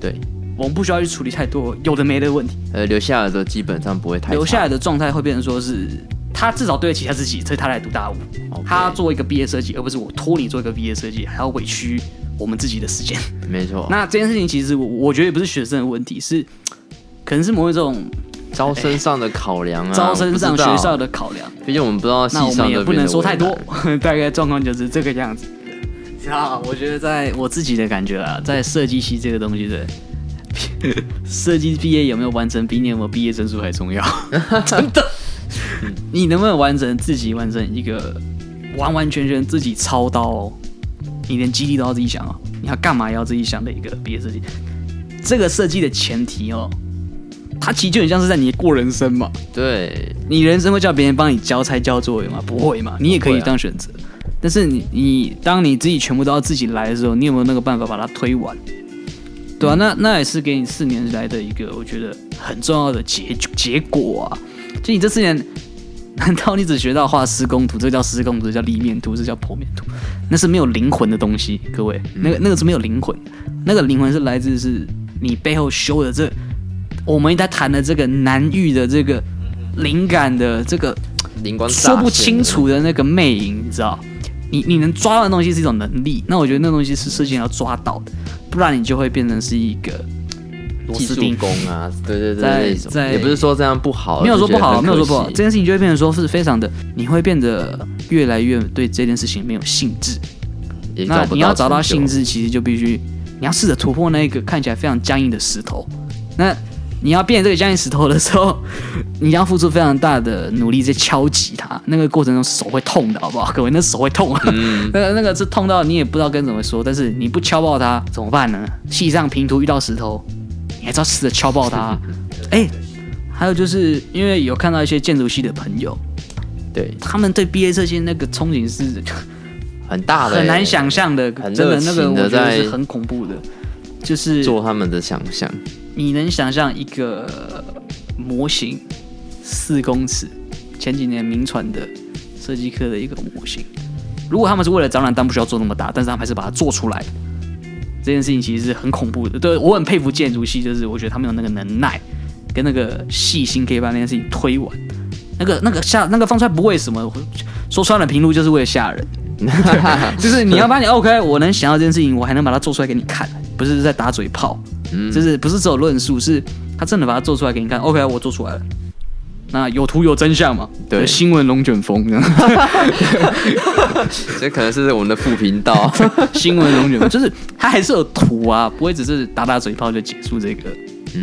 [SPEAKER 2] 對。我們不需要去處理太多有的沒的問
[SPEAKER 1] 題，呃，留下來的基本上不會太。留下
[SPEAKER 2] 來的狀態會變成說是，是他至少對得起他自己，所以他來讀大五，Okay. 他做一個畢業設計，而不是我拖你做一個畢業設計，還要委屈我們自己的時間。
[SPEAKER 1] 沒錯錯，那
[SPEAKER 2] 這件事情其實我，我覺得也不是學生的問題，是可能是某一
[SPEAKER 1] 種招生上的考量啊、欸，招生上學校的考量。畢竟我們不知道系上的也不能說太多。
[SPEAKER 2] [LAUGHS] 大概狀況就是這個這樣子的。啊， [LAUGHS] [LAUGHS] 我覺得在我自己的感覺啊，在設計系這個東西的。對設計畢業有沒有完成，比你有沒有畢業證書還重要？ [LAUGHS] [LAUGHS] 真的 [LAUGHS] 你，你能不能完成自己完成一個完完全全自己操刀、哦？你連基地都要自己想哦，你要幹嘛要自己想的一個畢業設計？ [LAUGHS] 這個設計的前提哦，它其實就很像是在你過人生嘛。對，你人生會叫別人幫你交差交作業嗎、嗯？不會嘛，你也可以當選擇。啊、但是你你當你自己全部都要自己來的時候，你有沒有那個辦法把它推完？對啊，那那也是給你四年來的一個，我覺得很重要的結結果啊。就你這四年，難道你只學到畫施工圖？這叫施工圖，這叫立面圖，這叫剖面圖，那是沒有靈魂的東西，各位。那個那個是沒有靈魂，那個靈魂是來自是你背後修的這，嗯、我們剛才談的這個難遇的這個靈感的這個靈光乍現，說不清楚的那個魅影，你知道。你你能抓到的東西是一種能力，那我覺得那東西是事情要抓到的，不然你就會變成是一個
[SPEAKER 1] 螺絲釘工啊，對對對，對在，在在也不是說這樣不好，了沒有說不好，沒有說不好，這件
[SPEAKER 2] 事情就會變成說是非常的，你會變得越來越對這件事情沒有興致，
[SPEAKER 3] 那你要找到興致，
[SPEAKER 2] 其實就必須你要試着突破那一個看起來非常僵硬的石頭，那。你要變成這個堅硬石頭的時候，你要付出非常大的努力在敲擊它。那個過程中手會痛的，好不好，各位？那個、手會痛，嗯、 [LAUGHS] 那個那個是痛到你也不知道該怎麼說。但是你不敲爆它怎麼辦呢？系上評圖遇到石頭，你還知道死的敲爆它？哎，欸、還有就是因為有看到一些建築系的朋友，對，他們對 BA 這些那個憧憬是很大的，很難想象的，的真的那個我真的是很
[SPEAKER 1] 恐怖的，就是做他們的想象。
[SPEAKER 2] 你能想象一個模型四公尺？前幾年名傳的設計科的一個模型，如果他們是為了展覽，但不需要做那麼大，但是他們還是把它做出來。這件事情其實是很恐怖的，對，我很佩服建築系，就是我覺得他們有那個能耐跟那個細心，可以把那件事情推完。那個、那個下，那個放出來不為什麼，說穿了，評圖，就是為了嚇人，
[SPEAKER 1] [LAUGHS] [LAUGHS] 就是你要
[SPEAKER 2] 把你 OK，我能想到這件事情，我還能把它做出來給你看。不是在打嘴炮，嗯，就是不是只有論述，是他真的把它做出來給你看。OK，我做出來了，那有圖有真相嘛。對，新聞龍捲風這樣，這 [LAUGHS] [LAUGHS] 可能是我們的副頻道 [LAUGHS] 新聞龍捲風，就是他還是有圖啊，不會只是打打嘴炮就結束這個。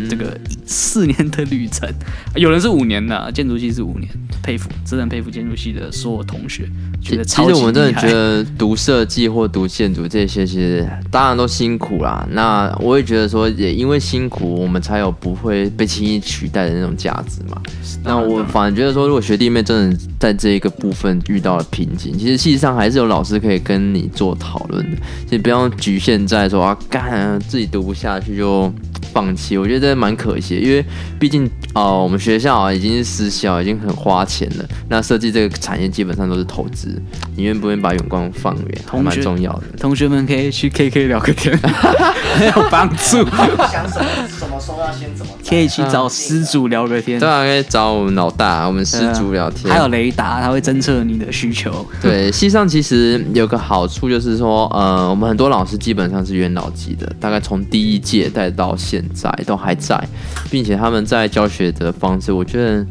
[SPEAKER 2] 這個四年的旅程，有人是五年的建築系是五年，佩服，真的佩服建築系的所有同學，其實我們真的覺得
[SPEAKER 1] 讀設計或讀建築這些，其實當然都辛苦啦。那我也覺得說，也因為辛苦，我們才有不會被輕易取代的那種價值嘛。那我反而覺得說，如果學弟妹真的在這一個部分遇到了瓶頸，其實事實上還是有老師可以跟你做討論的，所以不要局限在說啊，幹啊自己讀不下去就。放棄，我覺得蠻可惜的，因為畢竟哦、呃，我們學校已經是私校，已經很花錢了。那設計這個產業基本上都是投資，你願不願意把眼光放遠？蠻學重要的。同學們可以去 KK 聊個天，很 [LAUGHS] 有幫助。想什麼什麼說
[SPEAKER 3] 要先怎麼？
[SPEAKER 1] 可以去找師
[SPEAKER 2] 祖聊個天。對啊，可
[SPEAKER 1] 以找我們老大，我們師祖聊天，啊。還有
[SPEAKER 2] 雷達，他會偵測你的需求。對，
[SPEAKER 1] 系上其實有個好處就是說，呃，我們很多老師基本上是元老級的，大概從第一屆帶到。現在都還在，並且他們在教學的方式，我覺得，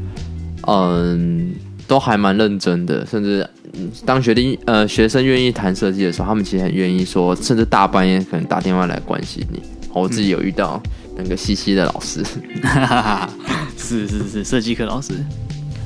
[SPEAKER 1] 嗯，都還蠻認真的。甚至嗯當學弟呃學生願意談設計的時候，他們其實很願意說，甚至大半夜可能打電話來關心你。好，我自己有遇到、嗯、那個 CC 的老師，
[SPEAKER 2] [LAUGHS] 是，是是是，設計課老師。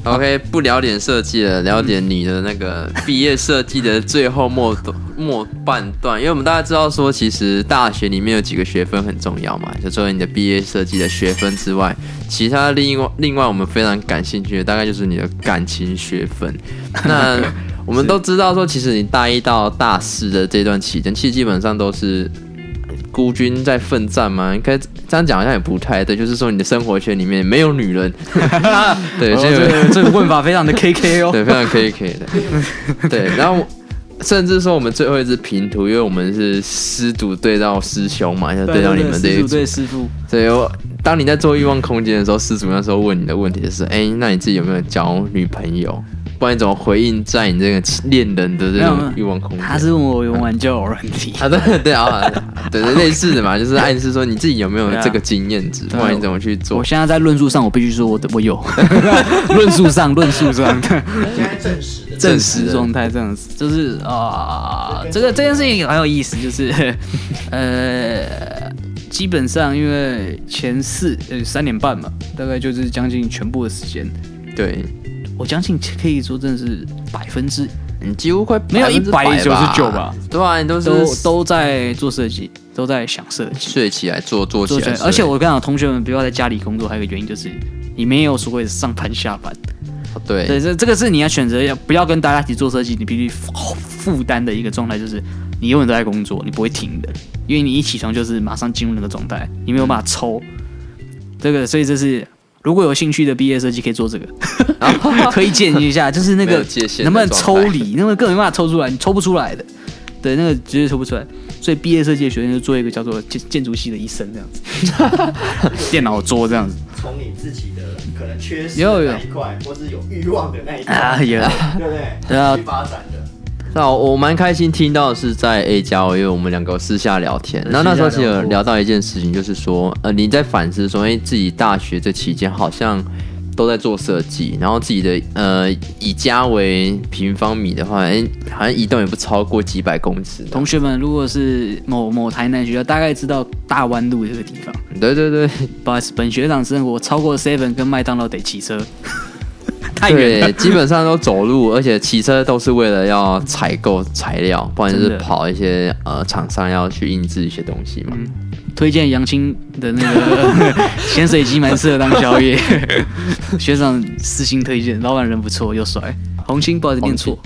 [SPEAKER 1] OK，不聊點設計了，聊點你的那個畢業設計的最後墨斗。 [LAUGHS] 末半段，因為我們大家知道說，其實大學裡面有幾個學分很重要嘛，就作為你的畢業設計的學分之外，其他另外另外我們非常感興趣的大概就是你的感情學分。那我們都知道說，其實你大一到大四的這段期間，其實基本上都是孤軍在奮戰嘛。應該這樣講，好像也不太對，就是說你的生活圈裡面沒有女人。
[SPEAKER 3] [LAUGHS] [LAUGHS] 對，這個這個問法非常的 KK 哦，對，非常 KK 的。
[SPEAKER 1] 對，然後。甚至說我們最後一次評圖，因為我們是師祖對到師兄，嘛，要對到你們這一組。對、啊，對師對師所以我當你在做欲望空間的時候，師祖那時候問你的問題的、就是：哎，那你自己有沒有交女朋友？不然你怎麼回應在你這個戀人的這種慾望空
[SPEAKER 2] 間？他是問我有晚交，我有問題。
[SPEAKER 1] 的對啊，對對、啊、對對類似的嘛， [LAUGHS] 就是暗示說你自己有沒有這個經驗值？啊、不然你怎麼去做？我， [LAUGHS] 我
[SPEAKER 2] 現在在論述上，我必須說我我有。 [LAUGHS] [LAUGHS] 論述上，論述上， [LAUGHS] 現
[SPEAKER 1] 在
[SPEAKER 2] 證實的，證實狀態這樣子，就是啊，呃、這邊是這個這件事情很有意思，就是呃，基本上因為前四呃三年半嘛，大概就是將近全部的時間，對。我將近可以說，真的是百分之，
[SPEAKER 1] 你幾乎快沒有一百九十九吧？99 吧
[SPEAKER 2] 對啊，你都是都、都在做設計，都在想設計，
[SPEAKER 1] 睡起來做做設計。而且我
[SPEAKER 2] 跟你講，同學們不要在家裡工作，還有一個原因就是你沒有所謂的上班下班。
[SPEAKER 1] 對，
[SPEAKER 2] 這這個是你要選擇要不要跟大家一起做設計，你必須負擔的一個狀態就是你永遠都在工作，你不會停的，因為你一起床就是馬上進入那個狀態，你沒有辦法抽。嗯、這個，所以這是。如果有興趣的畢業設計可以做這個、啊， [LAUGHS] 可以推薦一下，就是那個
[SPEAKER 1] 能不能抽離，
[SPEAKER 2] 因為更沒辦法抽， [LAUGHS] 抽出來，你抽不出來的，對，那個絕對抽不出來。所以畢業設計的學生就做一個叫做建建築系的一生這樣
[SPEAKER 1] 子，
[SPEAKER 2] 電腦桌這樣子。樣
[SPEAKER 1] 從你自己的可能缺失的那一塊，有有或是有慾望的那一塊，啊、有對不對？對啊，去發展的。那我蠻開心聽到的是在 A 加 O，因為我們兩個私下聊天，聊天那那時候其實有聊到一件事情，就是說，嗯、呃，你在反思說，哎、欸，自己大學這期間好像都在做設計，然後自己的呃，以家為平方米的話，哎、欸，好像移動也不超過幾百公尺。
[SPEAKER 2] 同學們，如果是某某台南學校，大概知道大灣路這個地方。對對對，不好意思，本學長生活超過 seven 跟麥當勞得騎車。
[SPEAKER 1] 對，基本上都走路，而且騎車都是為了要採購材料，或者是跑一些呃廠商要去印製一些東西嘛。
[SPEAKER 2] 推薦楊青的那個
[SPEAKER 1] 鹹水雞蠻適合
[SPEAKER 3] 當宵夜，
[SPEAKER 2] 學長私心推薦，老闆人不錯又帥，紅星不好意思念錯。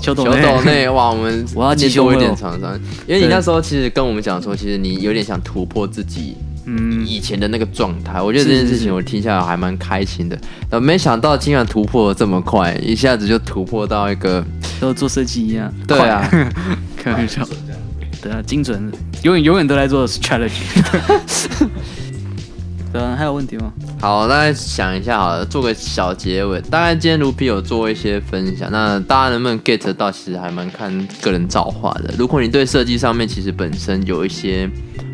[SPEAKER 1] 小董內哇，我們我要接觸多一點廠商，因為你那時候其實跟我們講說，其實你有點想突破自己。嗯，以前的那個狀態，我覺得這件事情我聽下來還蠻開心的。但沒想到竟然突破這麼快，一下子就突破到一個，都做設計一、啊、樣。對啊，開玩快、嗯、笑。
[SPEAKER 2] 對啊，精準，
[SPEAKER 1] 永遠永遠都在做 strategy。
[SPEAKER 2] 嗯，還有問題嗎？
[SPEAKER 1] 好，那想一下，好了，做個小結尾。大概今天盧 P 有做一些分享，那大家能不能 get 到，其實還蠻看個人造化的。如果你對設計上面其實本身有一些。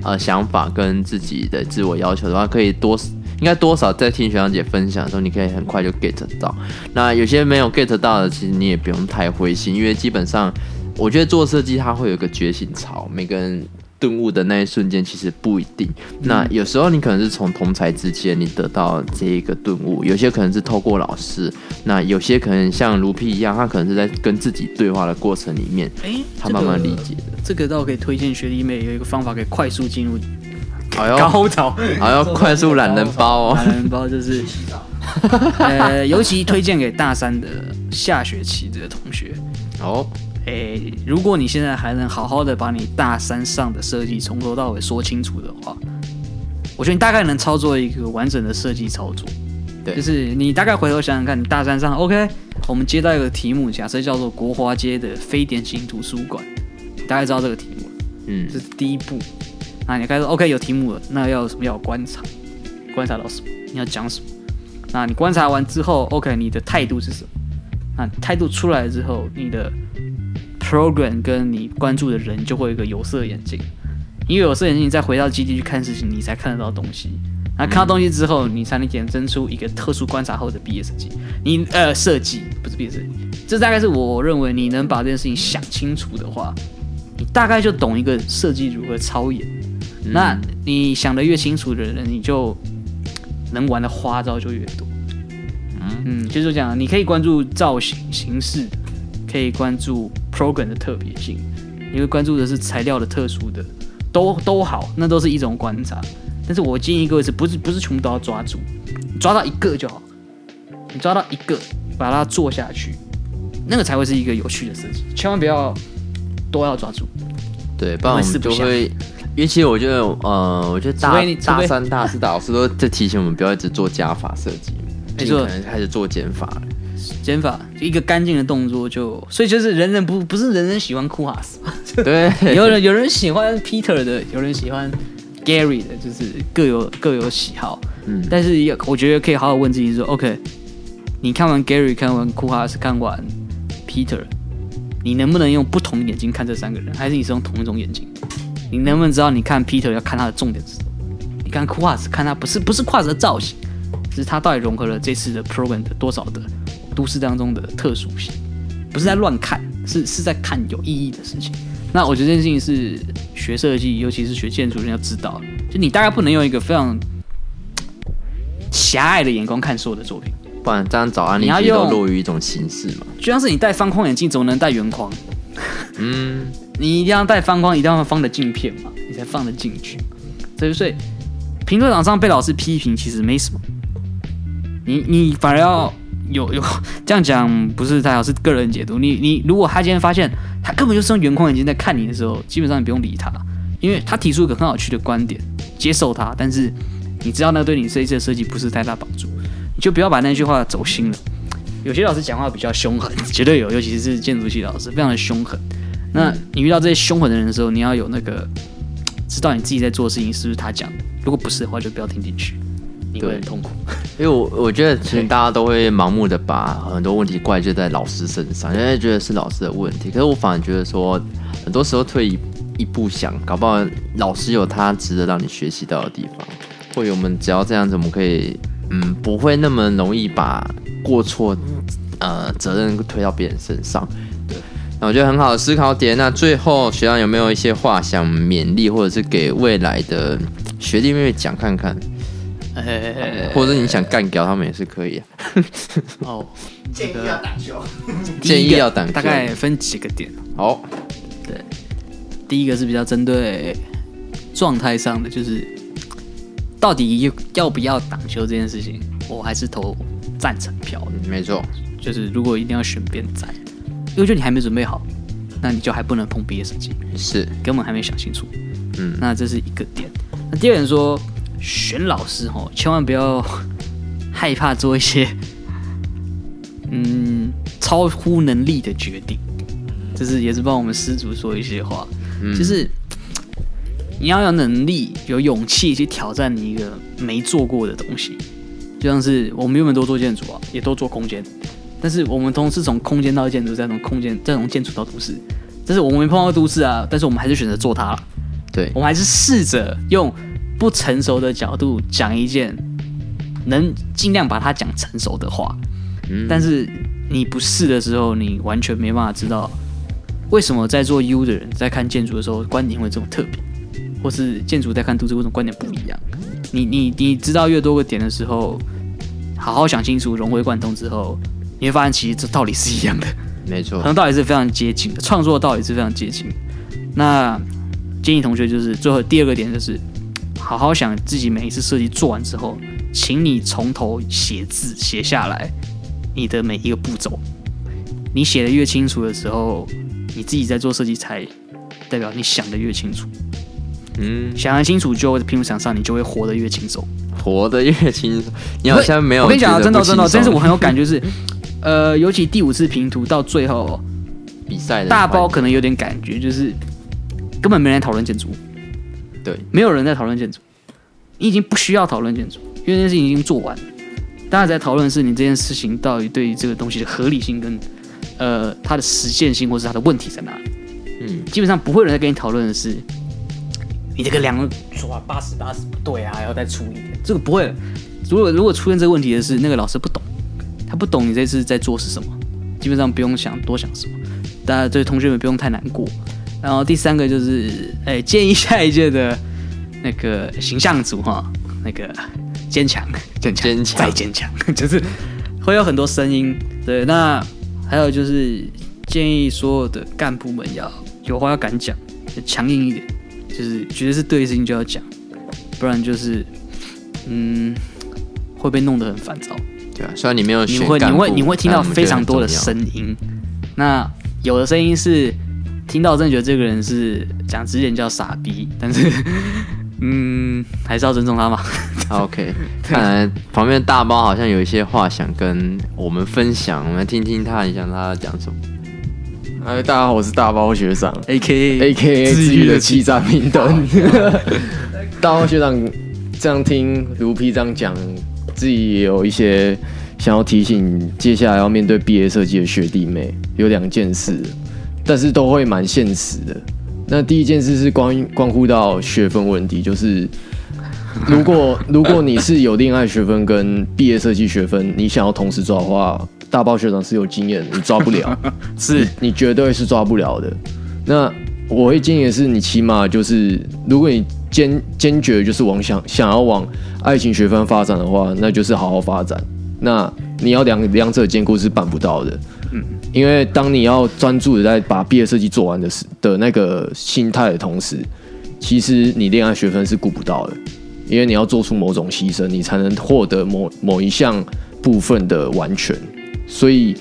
[SPEAKER 1] 呃，想法跟自己的自我要求的話，可以多，應該多少在聽學長姐分享的時候，你可以很快就 get 到。那有些沒有 get 到的，其實你也不用太灰心，因為基本上，我覺得做設計它會有一個覺醒潮，每個人。頓悟的那一瞬間其實不一定。嗯、那有時候你可能是從同儕之間，你得到這一個頓悟，有些可能是透過老師，那有些可能像盧 P 一樣，他可能是在跟自己對話的過程裡面，欸、他慢慢理解
[SPEAKER 2] 的。這個、這個倒可以推薦學弟妹有一個方法，可以快速進入，
[SPEAKER 1] 好、哎呦，高潮，要快速懶人包、哦，懶人
[SPEAKER 2] 包就是， [LAUGHS] 呃，尤其推薦給大三的下學期的同學哦。誒，如果你現在還能好好的把你大三上的設計從頭到尾說清楚的話，我覺得你大概能操作一個完整的設計操作。對，就是你大概回頭想想看，你大三上，OK，我們接到一個題目，假設叫做國華街的非典型圖書館，大概知道這個題目，嗯，這是第一步。那你開始，OK，有題目了，那要什麼？要觀察，觀察到什麼？你要講什麼？那你觀察完之後，OK，你的態度是什麼？那態度出來之後，你的。program 跟你關注的人就會有一個有色眼鏡，因為有色眼鏡，你再回到基地去看事情，你才看得到東西。那看到東西之後，你才能衍生出一個特殊觀察後的畢業設計。你呃設計不是畢業設計，這大概是我認為你能把這件事情想清楚的話，你大概就懂一個設計如何操演。那你想得越清楚的人，你就能玩的花招就越多。
[SPEAKER 3] 嗯，
[SPEAKER 2] 就是講你可以關注造型形式，可以關注。Program 的特別性，你會關注的是材料的特殊的，都都好，那都是一種觀察。但是我建議各位是，不是不是全部都要抓住，抓到一個就好。你抓到一個，把它做下去，那個才會是一個有趣的設計。千萬不要都要抓住，
[SPEAKER 1] 對，不然我們就會。不好意思，因為其實我覺得，呃，我覺得大你大三、大四大老師都在提醒我們，不要一直做加法設計，就
[SPEAKER 2] 沒錯，可能開
[SPEAKER 1] 始做減法了。減法
[SPEAKER 2] 就一個乾淨的動作就，就所以就是人人不不是人人喜歡酷哈斯，對，有人有人喜歡 Peter 的，有人喜歡 Gary 的，就是各有各有喜好。嗯，但是也我覺得可以好好問自己、就是、說，OK，你看完 Gary，看完酷哈斯，看完 Peter，你能不能用不同眼睛看這三個人？還是你是用同一種眼睛？你能不能知道你看 Peter 要看他的重點是什麼？你看酷哈斯看他不是不是跨着的造型，是他到底融合了這次的 program 的多少的？都市當中的特殊性，不是在亂看，是是在看有意義的事情。那我覺得這件事情是學設計，尤其是學建築人，你要知道，就你大概不能用一個非常狹隘的眼光看所有的作品，不然這樣找案例，你要落
[SPEAKER 1] 於一種形式嘛。
[SPEAKER 2] 就像是你戴方框眼鏡，總能戴圓框，嗯， [LAUGHS] 你一定要戴方框，一定要方的鏡片嘛，你才放得進去。所以，所以評論場上被老師批評其實沒什麼，你你反而要。哦有有，這樣講不是太好，是個人解讀。你你如果他今天發現他根本就是用圓框眼鏡在看你的時候，基本上你不用理他，因為他提出一個很有趣的觀點，接受他。但是你知道那對你這一次的設計不是太大幫助，你就不要把那句話走心了。有些老師講話比較兇狠，絕對有，尤其是建築系老師，非常的兇狠。那你遇到這些兇狠的人的時候，你要有那個知道你自己在做事情是不是他講的，如果不是的話，就不要聽進去。對，痛
[SPEAKER 1] 苦， [LAUGHS] 因為我我覺得其實大家都會盲目的把很多問題怪罪在老師身上，因為覺得是老師的問題。可是我反而覺得說，很多時候退一一步想，搞不好老師有他值得讓你學習到的地方。或者我們只要這樣子，我們可以嗯，不會那麼容易把過錯呃責任推到別人身上。對，那我覺得很好的思考點。那最後，學長有沒有一些話想勉勵，或者是給未來的學弟妹妹講看看？或者你想幹掉他們也是可以啊。哦，這個要擋修，建議要擋。 [LAUGHS] [LAUGHS] 要擋修大概分幾個點，喔？好，對，第一個是比較針對
[SPEAKER 2] 狀態上的，就是到底要不要擋修這件事情，我還是投贊成票。嗯、沒錯，就是如果一定要選邊站，因為你就你還沒準備好，那你就還不能碰畢業設計，是根本還沒想清楚。嗯，那這是一個點。那第二點說。選老師哦，千萬不要害怕做一些嗯超乎能力的決定。就是也是幫我們師祖說一些話，嗯、就是你要有能力、有勇氣去挑戰你一個沒做過的東西。就像是我們原本都做建築啊，也都做空間，但是我們都是從空間到建築，再從空間再從建築到都市。但是我們沒碰到都市啊，但是我們還是選擇做它。對，我們還是試着用。不成熟的角度講一件，能盡量把它講成熟的話。嗯，但是你不試的時候，你完全沒辦法知道為什麼在做 U 的人在看建築的時候觀點會這麼特別，或是建築在看都市，為什麼觀點不一樣。你你你知道越多個點的時候，好好想清楚，融會貫通之後，你會發現其實這道理是一樣的，
[SPEAKER 1] 沒錯，可能
[SPEAKER 2] 道理是非常接近的，創作的道理是非常接近。那建議同學就是最後第二個點就是。好好想自己每一次設計做完之後，請你從頭寫字寫下來你的每一個步驟。你寫的越清楚的時候，你自己在做設計才代表你想的越清楚。
[SPEAKER 1] 嗯，
[SPEAKER 2] 想的清楚就會在屏幕上上，你就會活得越輕鬆。
[SPEAKER 1] 活得越輕鬆。你好像沒有不我跟你講，真的、哦、真的、哦，真是我很
[SPEAKER 2] 有感覺是， [LAUGHS] 呃，尤其第五次評圖到最後比賽大包可能有點感覺，就是根本沒人討論建築。對，沒有人在討論建築，你已經不需要討論建築，因為這件事情已經做完。大家在討論的是你這件事情到底對於這個東西的合理性跟，呃，它的實踐性，或是它的問題在哪裡。嗯，基本上不會有人在跟你討論的是，你這個梁做八十八十不對啊，要再粗一點。這個不會，如果如果出現這個問題的是那個老師不懂，他不懂你這次在做是什麼，基本上不用想多想什麼，大家對同學們不用太難過。然後第三個就是，誒、欸，建議下一屆的，那個形象組哈，那個堅強，堅強強，再堅強，堅強 [LAUGHS] 就是會有很多聲音。對，那還有就是建議所有的幹部們要有話要敢講，強硬一點，就是覺得是對的事情就要講，不然就是，嗯，會被弄得很煩躁。對啊，雖然你沒有你，你會你會你會聽到非常多的聲音，那，那有的聲音是。聽到我真的覺得這個人是講直點叫傻逼，但
[SPEAKER 1] 是嗯，還是要尊重他嘛。OK，看來旁邊的大包好像有一些話想跟我們分享，我們來聽聽他，很想他講什麼？
[SPEAKER 3] 哎，大家好，我是大包學長，AKA AKA 治癒的欺詐明燈。好 [LAUGHS] 大包學長這樣聽盧 P 這樣講，自己也有一些想要提醒接下來要面對畢業設計的學弟妹，有兩件事。但是都會蠻現實的。那第一件事是關關乎到學分問題，就是如果如果你是有戀愛學分跟畢業設計學分，你想要同時抓的話，大包學長是有經驗的，你抓不了， [LAUGHS] 是你，你絕對是抓不了的。那我會建議的是你起碼就是，如果你堅堅決就是往想想要往愛情學分發展的話，那就是好好發展。那你要兩兩者兼顧是辦不到的。嗯，因為當你要專注的在把畢業設計做完的時的那個心態的同時，其實你戀愛學分是顧不到的，因為你要做出某種犧牲，你才能獲得某某一項部分的完全。所以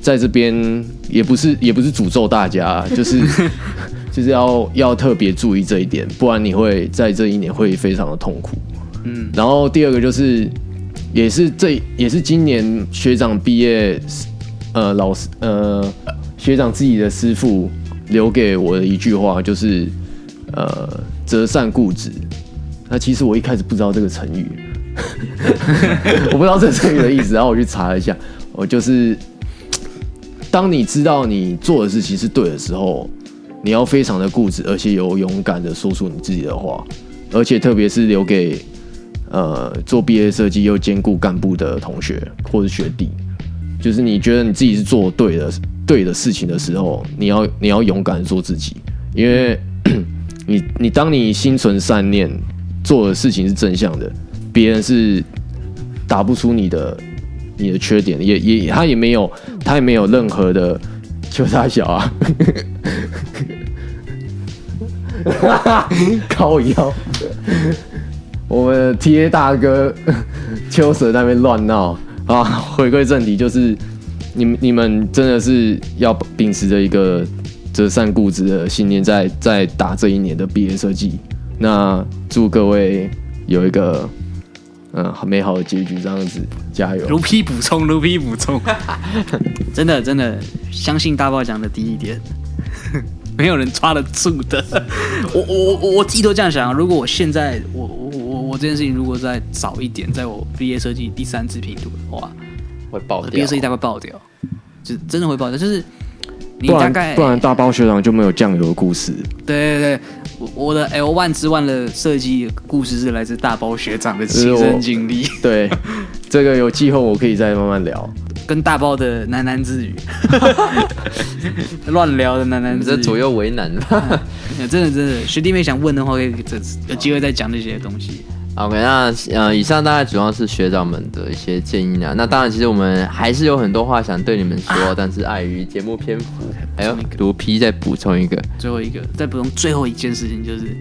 [SPEAKER 3] 在這邊也不是也不是詛咒大家，就是 [LAUGHS] 就是要要特別注意這一點，不然你會在這一年會非常的痛苦。嗯，然後第二個就是也是這也是今年學長畢業。呃，老師，呃，學長自己的師傅留給我的一句話就是：呃，擇善固執。那其實我一開始不知道這個成語， [LAUGHS] 我不知道這成語的意思。然後我去查了一下， [LAUGHS] 我就是當你知道你做的事情是對的時候，你要非常的固執，而且有勇敢的說出你自己的話，而且特別是留給呃做畢業設計又兼顧幹部的同學或是學弟。就是你覺得你自己是做的對的對的事情的時候，你要你要勇敢的做自己，因為你你當你心存善念，做的事情是正向的，別人是打不出你的你的缺點，也也他也沒有他也沒有任何的求大小啊，高腰，我們哈 T A 大哥 [LAUGHS] 秋蛇在那邊亂鬧哈哈哈啊，回歸正題，就是你們你們真的是要秉持着一個擇善固執的信念在，在在打這一年的畢業設計。那祝各位有一個嗯、啊、很美好的結局，這樣子加油。盧
[SPEAKER 2] P 補充，盧 P 補充 [LAUGHS] 真，真的真的相信大爆講的第一點， [LAUGHS] 沒有人抓得住的。 [LAUGHS] 我我我我自己都這樣想，如果我現在我。我這件事情如果再早一點，在我畢業設計第三次評圖的話，會爆掉，哦，畢業設計大概爆掉，就真的會爆掉。就是，你大概不然，不然
[SPEAKER 3] 大包學長就沒有醬油的故事，
[SPEAKER 2] 欸。對對對，我，我的 L one 之 one 的設計故事是來自大包學長的親身經歷。對，這
[SPEAKER 3] 個有機會，我可以再慢慢聊。
[SPEAKER 2] [LAUGHS] 跟大包的喃喃自語，亂 [LAUGHS] 聊的喃喃。你這左右為難了，嗯嗯，真的真的，學弟妹想問的話可以，會這有機會再講那些東西。
[SPEAKER 1] OK，那呃，以上大概主要是學長們的一些建議啊。嗯、那當然，其實我們還是有很多話想對你們說，啊、但是礙於節目篇幅，還有盧 P 再補充一個，哎、一個
[SPEAKER 2] 最後一個再補充最後一件事情就是，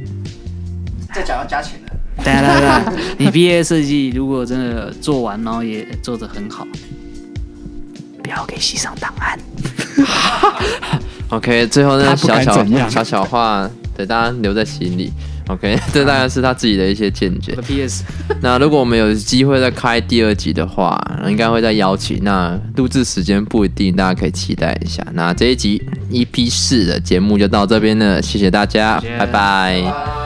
[SPEAKER 2] 再講要加錢了。對對對，對對對 [LAUGHS] 你畢業設計如果真的做完，然後也做得很好，不要給系上檔案。
[SPEAKER 1] [LAUGHS] [LAUGHS] OK，最後那小小小小話，對大家留在心裡。OK，這大概是他自己的一些見解。啊、我的 PS， [LAUGHS] 那如果我們有機會再開第二集的話，應該會再邀請。那錄制時間不一定，大家可以期待一下。那這一集 EP 四的節目就到這邊了，謝謝大家，謝謝拜拜。拜拜。